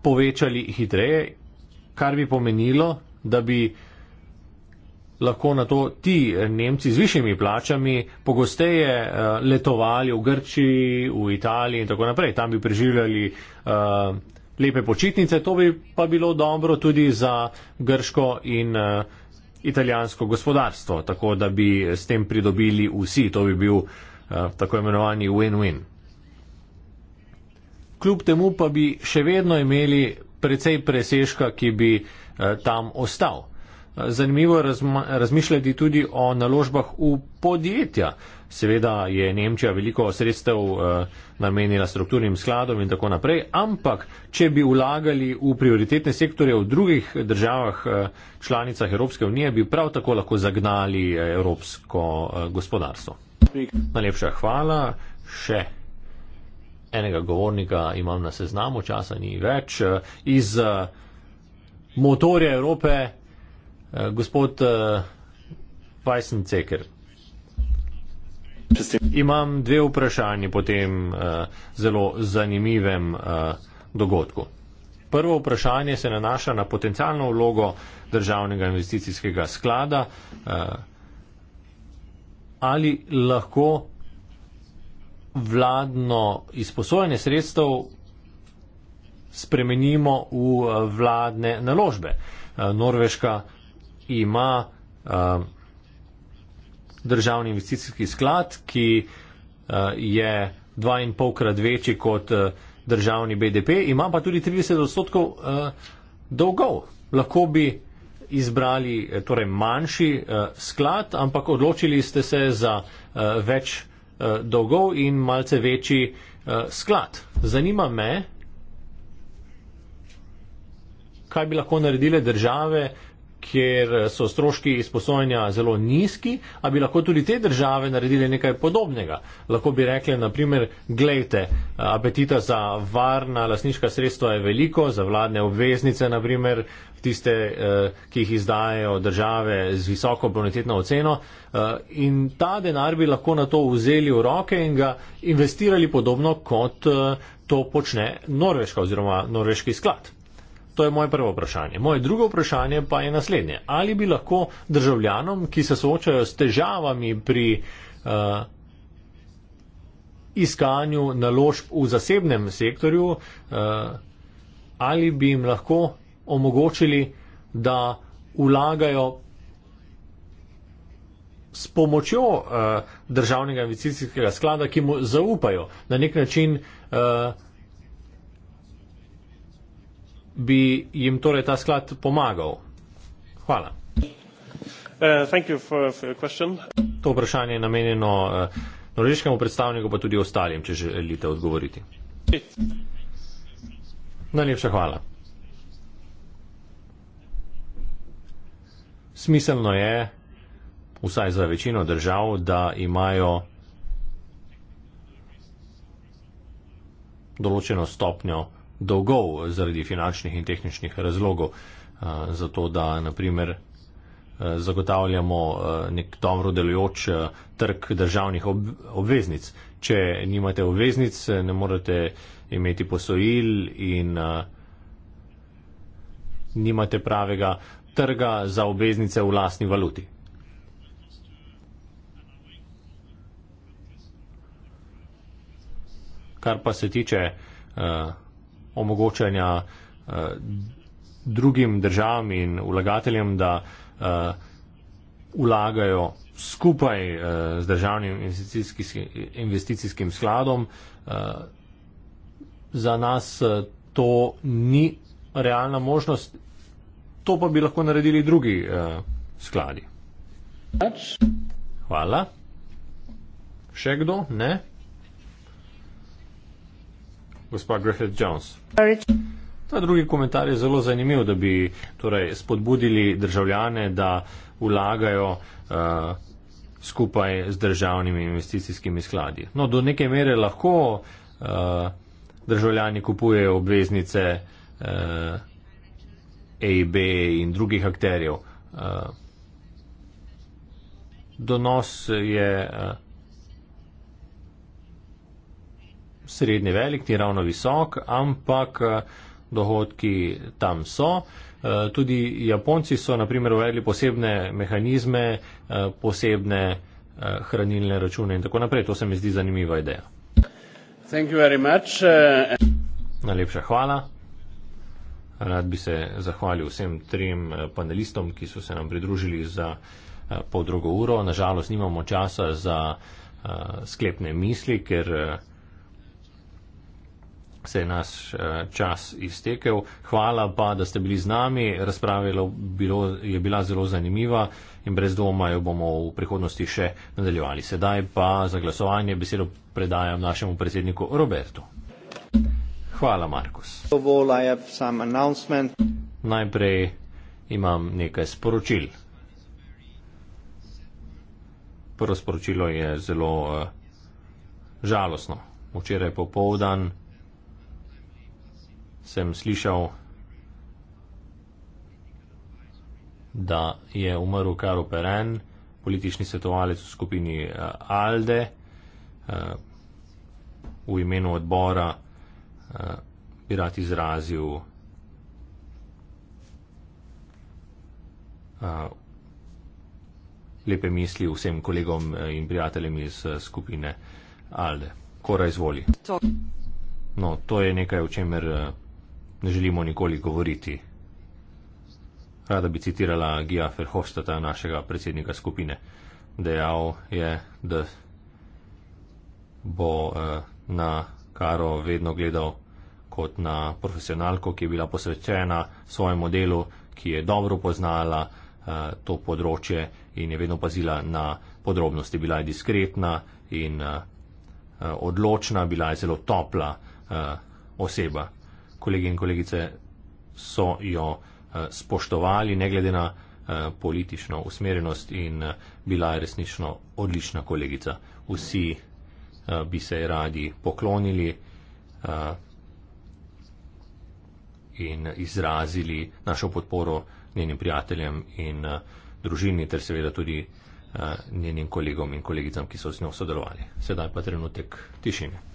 A: povečali hitreje, kar bi pomenilo, da bi lahko na to ti Nemci z višjimi plačami pogosteje letovali v Grčiji, v Italiji in tako naprej. Tam bi preživljali lepe počitnice, to bi pa bilo dobro tudi za grško in eh, italijansko gospodarstvo, tako da bi s tem pridobili vsi, to bi bil eh, tako imenovani win-win. Kljub temu pa bi še vedno imeli precej preseška, ki bi eh, tam ostal. Zanimivo je razmišljati tudi o naložbah v podjetja. Seveda je Nemčija veliko sredstev eh, namenila strukturnim skladom in tako naprej, ampak če bi vlagali v prioritetne sektore v drugih državah eh, članicah Evropske unije, bi prav tako lahko zagnali eh, evropsko gospodarstvo. Najlepša hvala. Še enega govornika imam na seznamu, časa ni več. Iz motorja Evrope, gospod Weissenceker. Imam dve vprašanje po tem uh, zelo zanimivem uh, dogodku. Prvo vprašanje se nanaša na potencijalno vlogo državnega investicijskega sklada. Uh, ali lahko vladno izposojanje sredstev spremenimo v uh, vladne naložbe? Uh, Norveška ima uh, državni investicijski sklad, ki eh, je dva in polkrat večji kot eh, državni BDP, ima pa tudi 30 odstotkov eh, dolgov. Lahko bi izbrali torej manjši sklad, ampak odločili ste se za več dolgov in malce večji sklad. Zanima me, kaj bi lahko naredile države kjer so stroški izposojanja zelo nizki, a bi lahko tudi te države naredile nekaj podobnega. Lahko bi rekli, naprimer, gledajte, apetita za varna lasniška sredstva je veliko, za vladne obveznice, naprimer, tiste, eh, ki jih izdajajo države z visoko bonitetno oceno. Eh, in ta denar bi lahko na to vzeli v roke in ga investirali podobno, kot eh, to počne Norveška oziroma Norveški sklad. To je moje prvo vprašanje. Moje drugo vprašanje pa je naslednje. Ali bi lahko državljanom, ki se soočajo s težavami pri uh, iskanju naložb v zasebnem sektorju, uh, ali bi jim lahko omogočili, da vlagajo s pomočjo uh, državnega investicijskega sklada, ki mu zaupajo na nek način. Uh, bi jim torej ta sklad pomagal? Hvala.
B: Uh,
A: to vprašanje je namenjeno uh, norveškemu predstavniku, pa tudi ostalim, če želite odgovoriti. Najlepša hvala. Smiselno je, vsaj za večino držav, da imajo določeno stopnjo dolgov zaradi finančnih in tehničnih razlogov, eh, zato da naprimer eh, zagotavljamo eh, nek dobro delujoč trg državnih ob, obveznic. Če nimate obveznic, ne morete imeti posojil in nimate pravega trga za obveznice v lastni valuti. Kar pa se tiče uh, omogočanja uh, drugim državam in vlagateljem, da uh, vlagajo skupaj uh, z državnim investicijskim skladom. Uh, za nas uh, to ni realna možnost, to pa bi lahko naredili drugi uh, skladi. Hvala. Še kdo? Ne gospa Griffith Jones. Ta drugi komentar je zelo zanimiv, da bi torej, spodbudili državljane, da vlagajo uh, skupaj z državnimi investicijskimi skladi. No, do neke mere lahko uh, državljani kupujejo obveznice uh, eh, AIB in drugih akterjev. Uh, donos je. Uh, srednje velik, ni ravno visok, ampak eh, dohodki tam so. Eh, tudi Japonci so naprimer uvedli posebne mehanizme, eh, posebne hranilne račune in tako naprej. To se mi zdi zanimiva ideja. Najlepša hvala. Rad bi se zahvalil vsem trem panelistom, ki so se nam pridružili za pol drugo uro. Nažalost, nimamo časa za sklepne misli, ker se je naš eh, čas iztekel. Hvala pa, da ste bili z nami. Razprava je bila zelo zanimiva in brez doma jo bomo v prihodnosti še nadaljevali. Sedaj pa za glasovanje besedo predajam našemu predsedniku Robertu. Hvala, Markus. Najprej imam nekaj sporočil. Prvo sporočilo je zelo uh, žalostno. Včeraj popovdan sem slišal, da je umrl Karo Peren, politični svetovalec v skupini eh, Alde, eh, v imenu odbora eh, bi rad izrazil lepe misli vsem kolegom in prijateljem iz skupine Alde. Kora izvoli. No, to je nekaj, o čemer ne želimo nikoli govoriti. Rada bi citirala Gija Ferhofstata, našega predsednika skupine. Dejal je, da bo eh, na Karo vedno gledal kot na profesionalko, ki je bila posvečena svojemu delu, ki je dobro poznala eh, to področje in je vedno pazila na podrobnosti. Bila je diskretna in eh, odločna, bila je zelo topla eh, oseba kolegi in kolegice so jo eh, spoštovali, ne glede na eh, politično usmerjenost in eh, bila je resnično odlična kolegica. Vsi bi se radi poklonili in izrazili našo podporo njenim prijateljem in družini ter seveda tudi njenim kolegom in kolegicam, ki so z njo sodelovali. Sedaj pa trenutek tišine.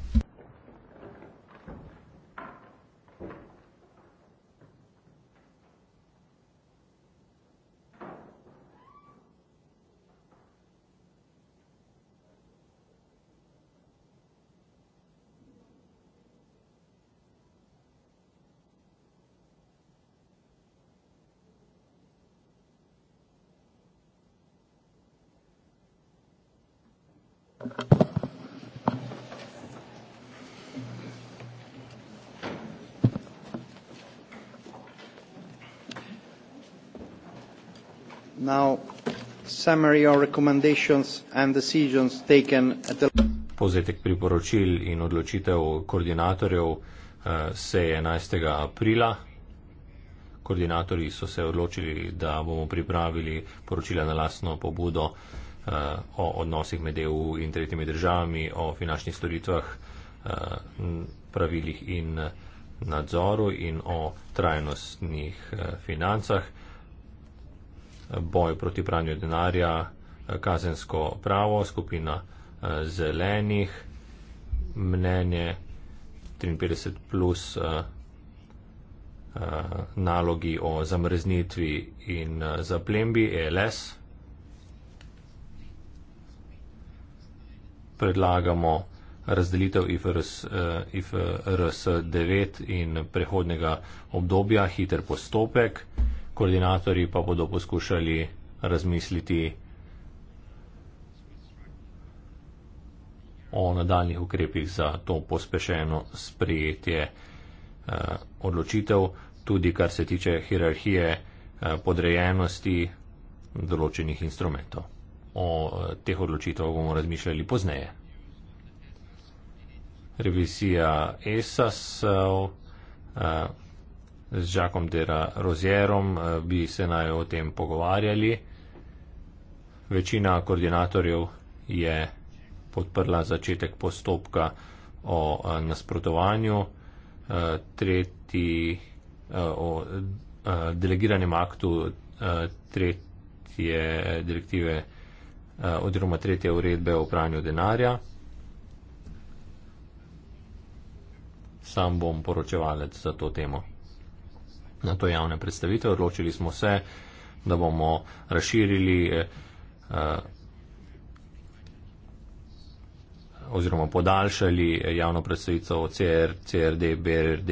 C: now summary on recommendations and decisions taken at the
A: Povzetek priporočil in odločitev koordinatorjev uh, se je 11. aprila. Koordinatorji so se odločili, da bomo pripravili poročila na lasno pobudo uh, o odnosih med EU in tretjimi državami, o finančnih storitvah, uh, pravilih in nadzoru in o trajnostnih uh, financah. Uh, boj proti pranju denarja, kazensko pravo, skupina eh, zelenih, mnenje 53 plus eh, eh, nalogi o zamrznitvi in zaplembi ELS. Predlagamo razdelitev IFRS, IFRS 9 in prehodnega obdobja, hiter postopek koordinatorji pa bodo poskušali razmisliti o nadaljnih ukrepih za to pospešeno sprejetje eh, odločitev, tudi kar se tiče hierarhije eh, podrejenosti določenih instrumentov. O eh, teh odločitev bomo razmišljali pozneje. Revizija ESAS eh, z Žakom Dera Rozjerom, eh, bi se naj o tem pogovarjali. Večina koordinatorjev je podprla začetek postopka o eh, nasprotovanju, eh, tretji, o delegiranem aktu tretje direktive oziroma tretje uredbe o pranju denarja. Sam bom poročevalec za to temo na to javne predstavitve. Odločili smo se, da bomo razširili eh, eh oziroma podaljšali eh, javno predstavitev CR, CRD, BRD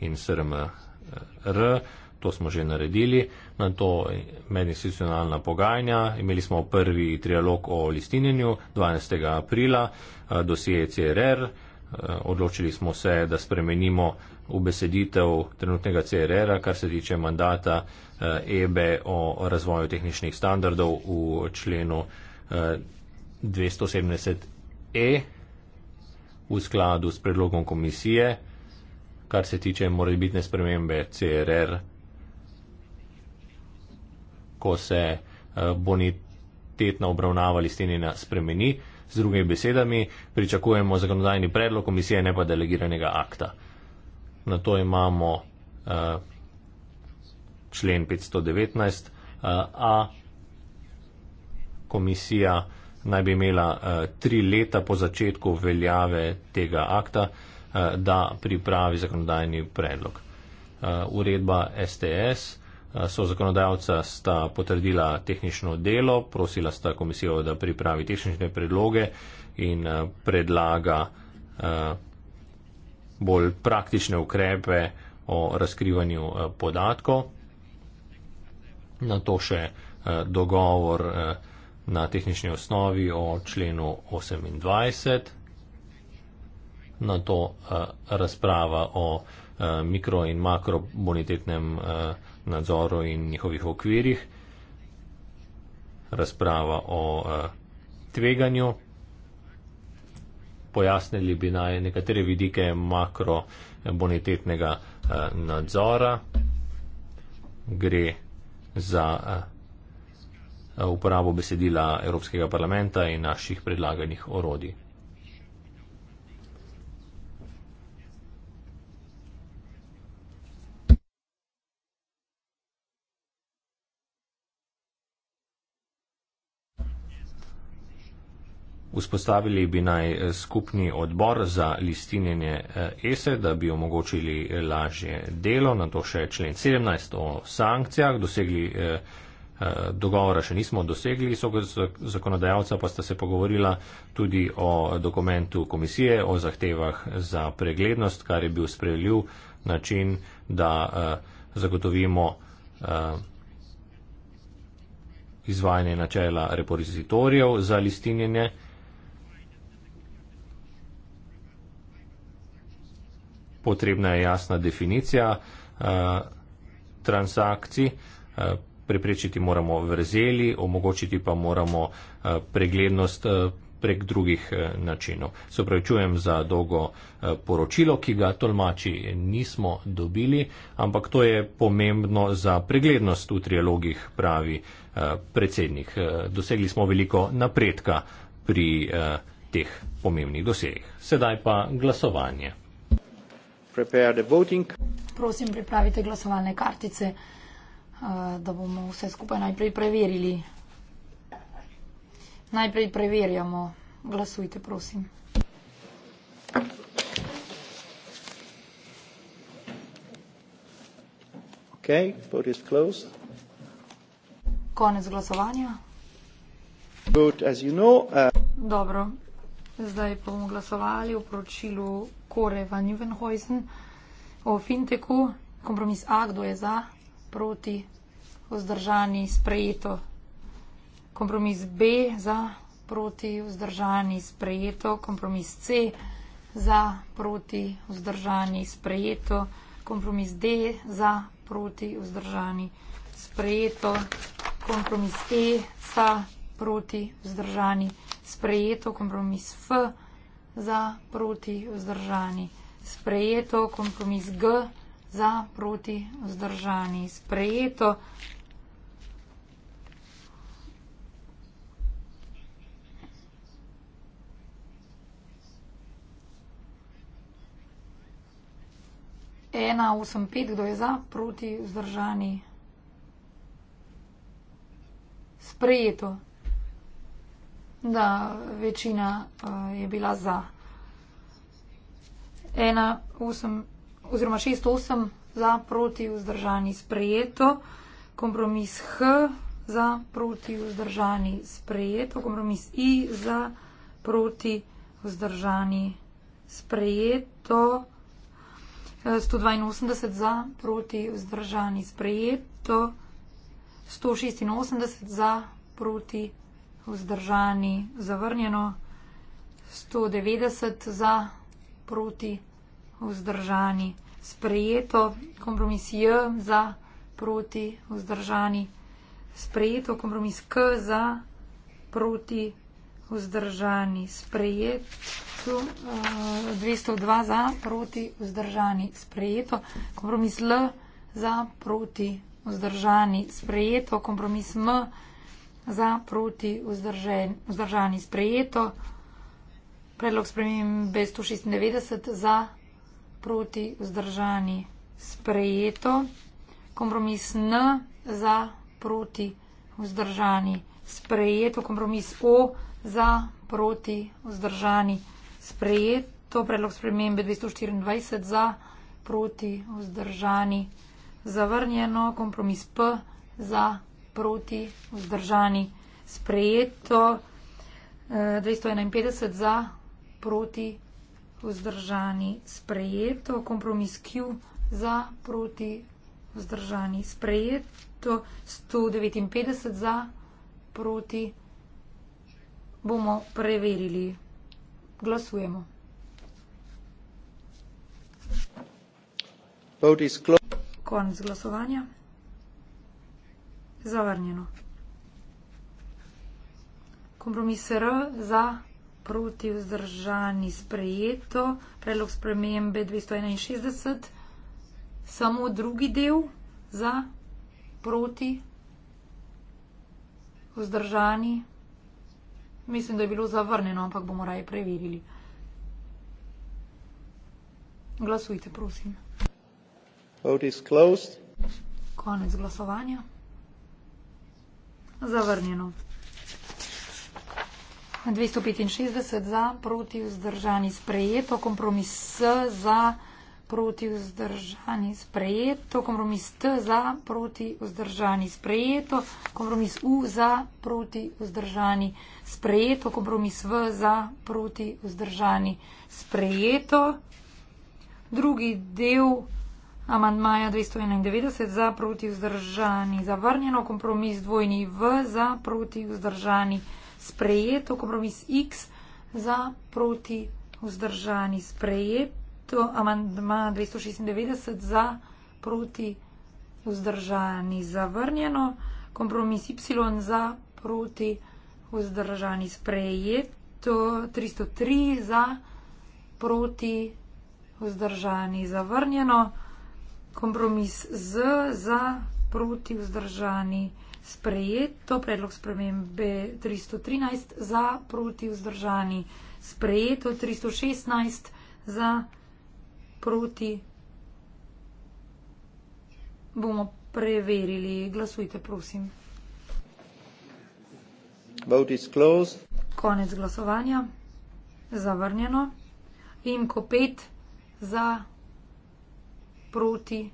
A: in SRMR. To smo že naredili na to medinstitucionalna pogajanja. Imeli smo prvi trialog o listinjenju 12. aprila, eh, dosije CRR. Odločili smo se, da spremenimo obeseditev trenutnega CRR-a, kar se tiče mandata EBE eh, o razvoju tehničnih standardov v členu 270E eh, v skladu s predlogom komisije, kar se tiče morebitne spremembe CRR, ko se eh, bonitetna obravnava listinjena spremeni. Z drugimi besedami, pričakujemo zakonodajni predlog komisije, ne pa delegiranega akta. Na to imamo eh, člen 519, eh, a komisija naj bi imela eh, tri leta po začetku veljave tega akta, da pripravi zakonodajni predlog. Uredba STS so zakonodajalca sta potrdila tehnično delo, prosila sta komisijo, da pripravi tehnične predloge in predlaga bolj praktične ukrepe o razkrivanju eh, podatkov, na to še eh, dogovor eh, na tehnični osnovi o členu 28, na to razprava o mikro in makro bonitetnem nadzoru in njihovih okvirih, razprava o tveganju, pojasnili bi naj nekatere vidike makrobonitetnega eh, nadzora. Gre za eh, uporabo besedila Evropskega parlamenta in naših predlaganih orodij. Vzpostavili bi naj eh, skupni odbor za listinjenje eh, ESE, da bi omogočili eh, lažje delo, na to še člen 17 o sankcijah. Dosegli, dogovora še nismo dosegli, so zakonodajalca pa sta se pogovorila tudi o dokumentu komisije o zahtevah za preglednost, kar je bil sprejeljiv način, da zagotovimo izvajanje načela repozitorijev za listinjenje. potrebna je jasna definicija uh, transakcij, uh, preprečiti moramo vrzeli, omogočiti pa moramo uh, preglednost. Uh, prek drugih načinov. Se pravičujem za dolgo poročilo, ki ga tolmači nismo dobili, ampak to je pomembno za preglednost v trialogih, pravi predsednik. Dosegli smo veliko napredka pri teh pomembnih dosejih. Sedaj pa glasovanje.
C: Prosim, pripravite glasovalne kartice, eh, da bomo vse skupaj najprej preverili. Najprej preverjamo. Glasujte, prosim.
B: Okay, vote is closed.
C: Konec glasovanja.
B: Vote, as you know, uh...
C: Dobro, Zdaj pa bomo glasovali v poročilu Kore van Juvenhoisen o finteku. Kompromis A, kdo je za, proti, vzdržani, sprejeto. Kompromis B, za, proti, vzdržani, sprejeto. Kompromis C, za, proti, vzdržani, sprejeto. Kompromis D, za, proti, vzdržani, sprejeto. Kompromis E, za, proti, vzdržani, sprejeto sprejeto kompromis F za proti vzdržani, sprejeto kompromis G za proti vzdržani, sprejeto ena osem pet, kdo je za proti vzdržani, sprejeto da večina eh, je bila za. 1, 8 oziroma 6, 8 za, proti vzdržani sprejeto, kompromis H za, proti vzdržani sprejeto, kompromis I za, proti vzdržani sprejeto, 182 eh, za, proti vzdržani sprejeto, 186 za, proti vzdržani sprejeto vzdržani, zavrnjeno, 190 za, proti, vzdržani, sprejeto, kompromis J za, proti, vzdržani, sprejeto, kompromis K za, proti, vzdržani, sprejeto, 202 eh, za, proti, vzdržani, sprejeto, kompromis L za, proti, vzdržani, sprejeto, kompromis M za, proti, vzdržani, sprejeto, kompromis M za, proti, vzdržen, vzdržani, sprejeto. Predlog spremembe 196 za, proti, vzdržani, sprejeto. Kompromis N za, proti, vzdržani, sprejeto. Kompromis O za, proti, vzdržani, sprejeto. Predlog spremembe 224 za, proti, vzdržani, zavrnjeno. Kompromis P za, proti, vzdržani, sprejeto proti, vzdržani, sprejeto, 251 eh, za, proti, vzdržani, sprejeto, kompromis Q za, proti, vzdržani, sprejeto, 159 za, proti, bomo preverili. Glasujemo. Konec glasovanja. Zavrnjeno. Kompromis R za proti vzdržani sprejeto. Predlog spremembe 261. Samo drugi del za proti vzdržani. Mislim, da je bilo zavrnjeno, ampak bomo raje preverili. Glasujte, prosim. Vote is closed. Konec glasovanja. Zavrnjeno. 265 za, proti vzdržani sprejeto, kompromis S za, proti vzdržani sprejeto, kompromis T za, proti vzdržani sprejeto, kompromis U za, proti vzdržani sprejeto, kompromis V za, proti vzdržani sprejeto. Drugi del. Amandmaja 291 za proti vzdržani zavrnjeno, kompromis dvojni V za proti vzdržani sprejeto, kompromis X za proti vzdržani sprejeto, amandma 296 za proti vzdržani zavrnjeno, kompromis Y za proti vzdržani sprejeto, 303 za proti vzdržani zavrnjeno kompromis z, za, proti, vzdržani, sprejet. To predlog spremembe 313 za, proti, vzdržani, sprejeto. 316 za, proti. Bomo preverili. Glasujte, prosim. Vote is closed. Konec glasovanja. Zavrnjeno. Imko 5 za proti,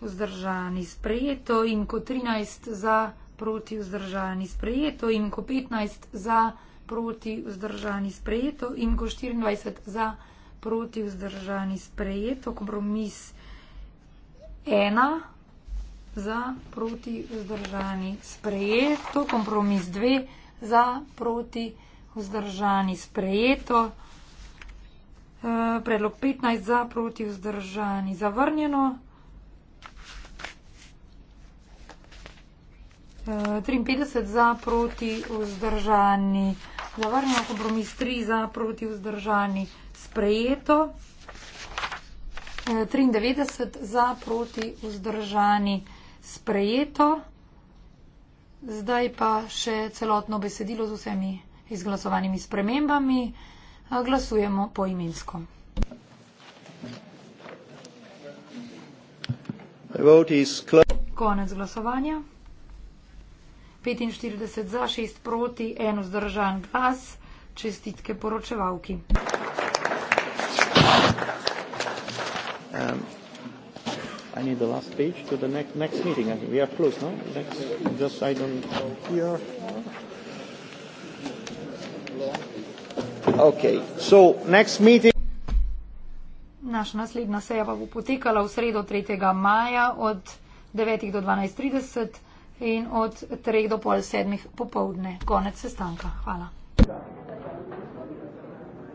C: vzdržani, sprejeto in ko 13 za, proti, vzdržani, sprejeto in ko 15 za, proti, vzdržani, sprejeto in ko 24 za, proti, vzdržani, sprejeto, kompromis 1 za, proti, vzdržani, sprejeto, kompromis 2 za, proti, vzdržani, sprejeto. Eh, predlog 15 za proti vzdržani zavrnjeno. 53 eh, za proti vzdržani zavrnjeno, kompromis 3 za proti vzdržani sprejeto. 93 eh, za proti vzdržani sprejeto. Zdaj pa še celotno besedilo z vsemi izglasovanimi spremembami. Glasujemo poimensko. Konec glasovanja. 45 za, 6 proti, 1 vzdržan glas. Čestitke poročevalki.
A: Um, I need the last page to the next, next meeting. We are close, no? Next, just I don't go here. Okay. So,
C: Naša naslednja seja pa bo potekala v sredo 3. maja od 9. do 12.30 in od 3. do pol 7. popovdne. Konec sestanka. Hvala.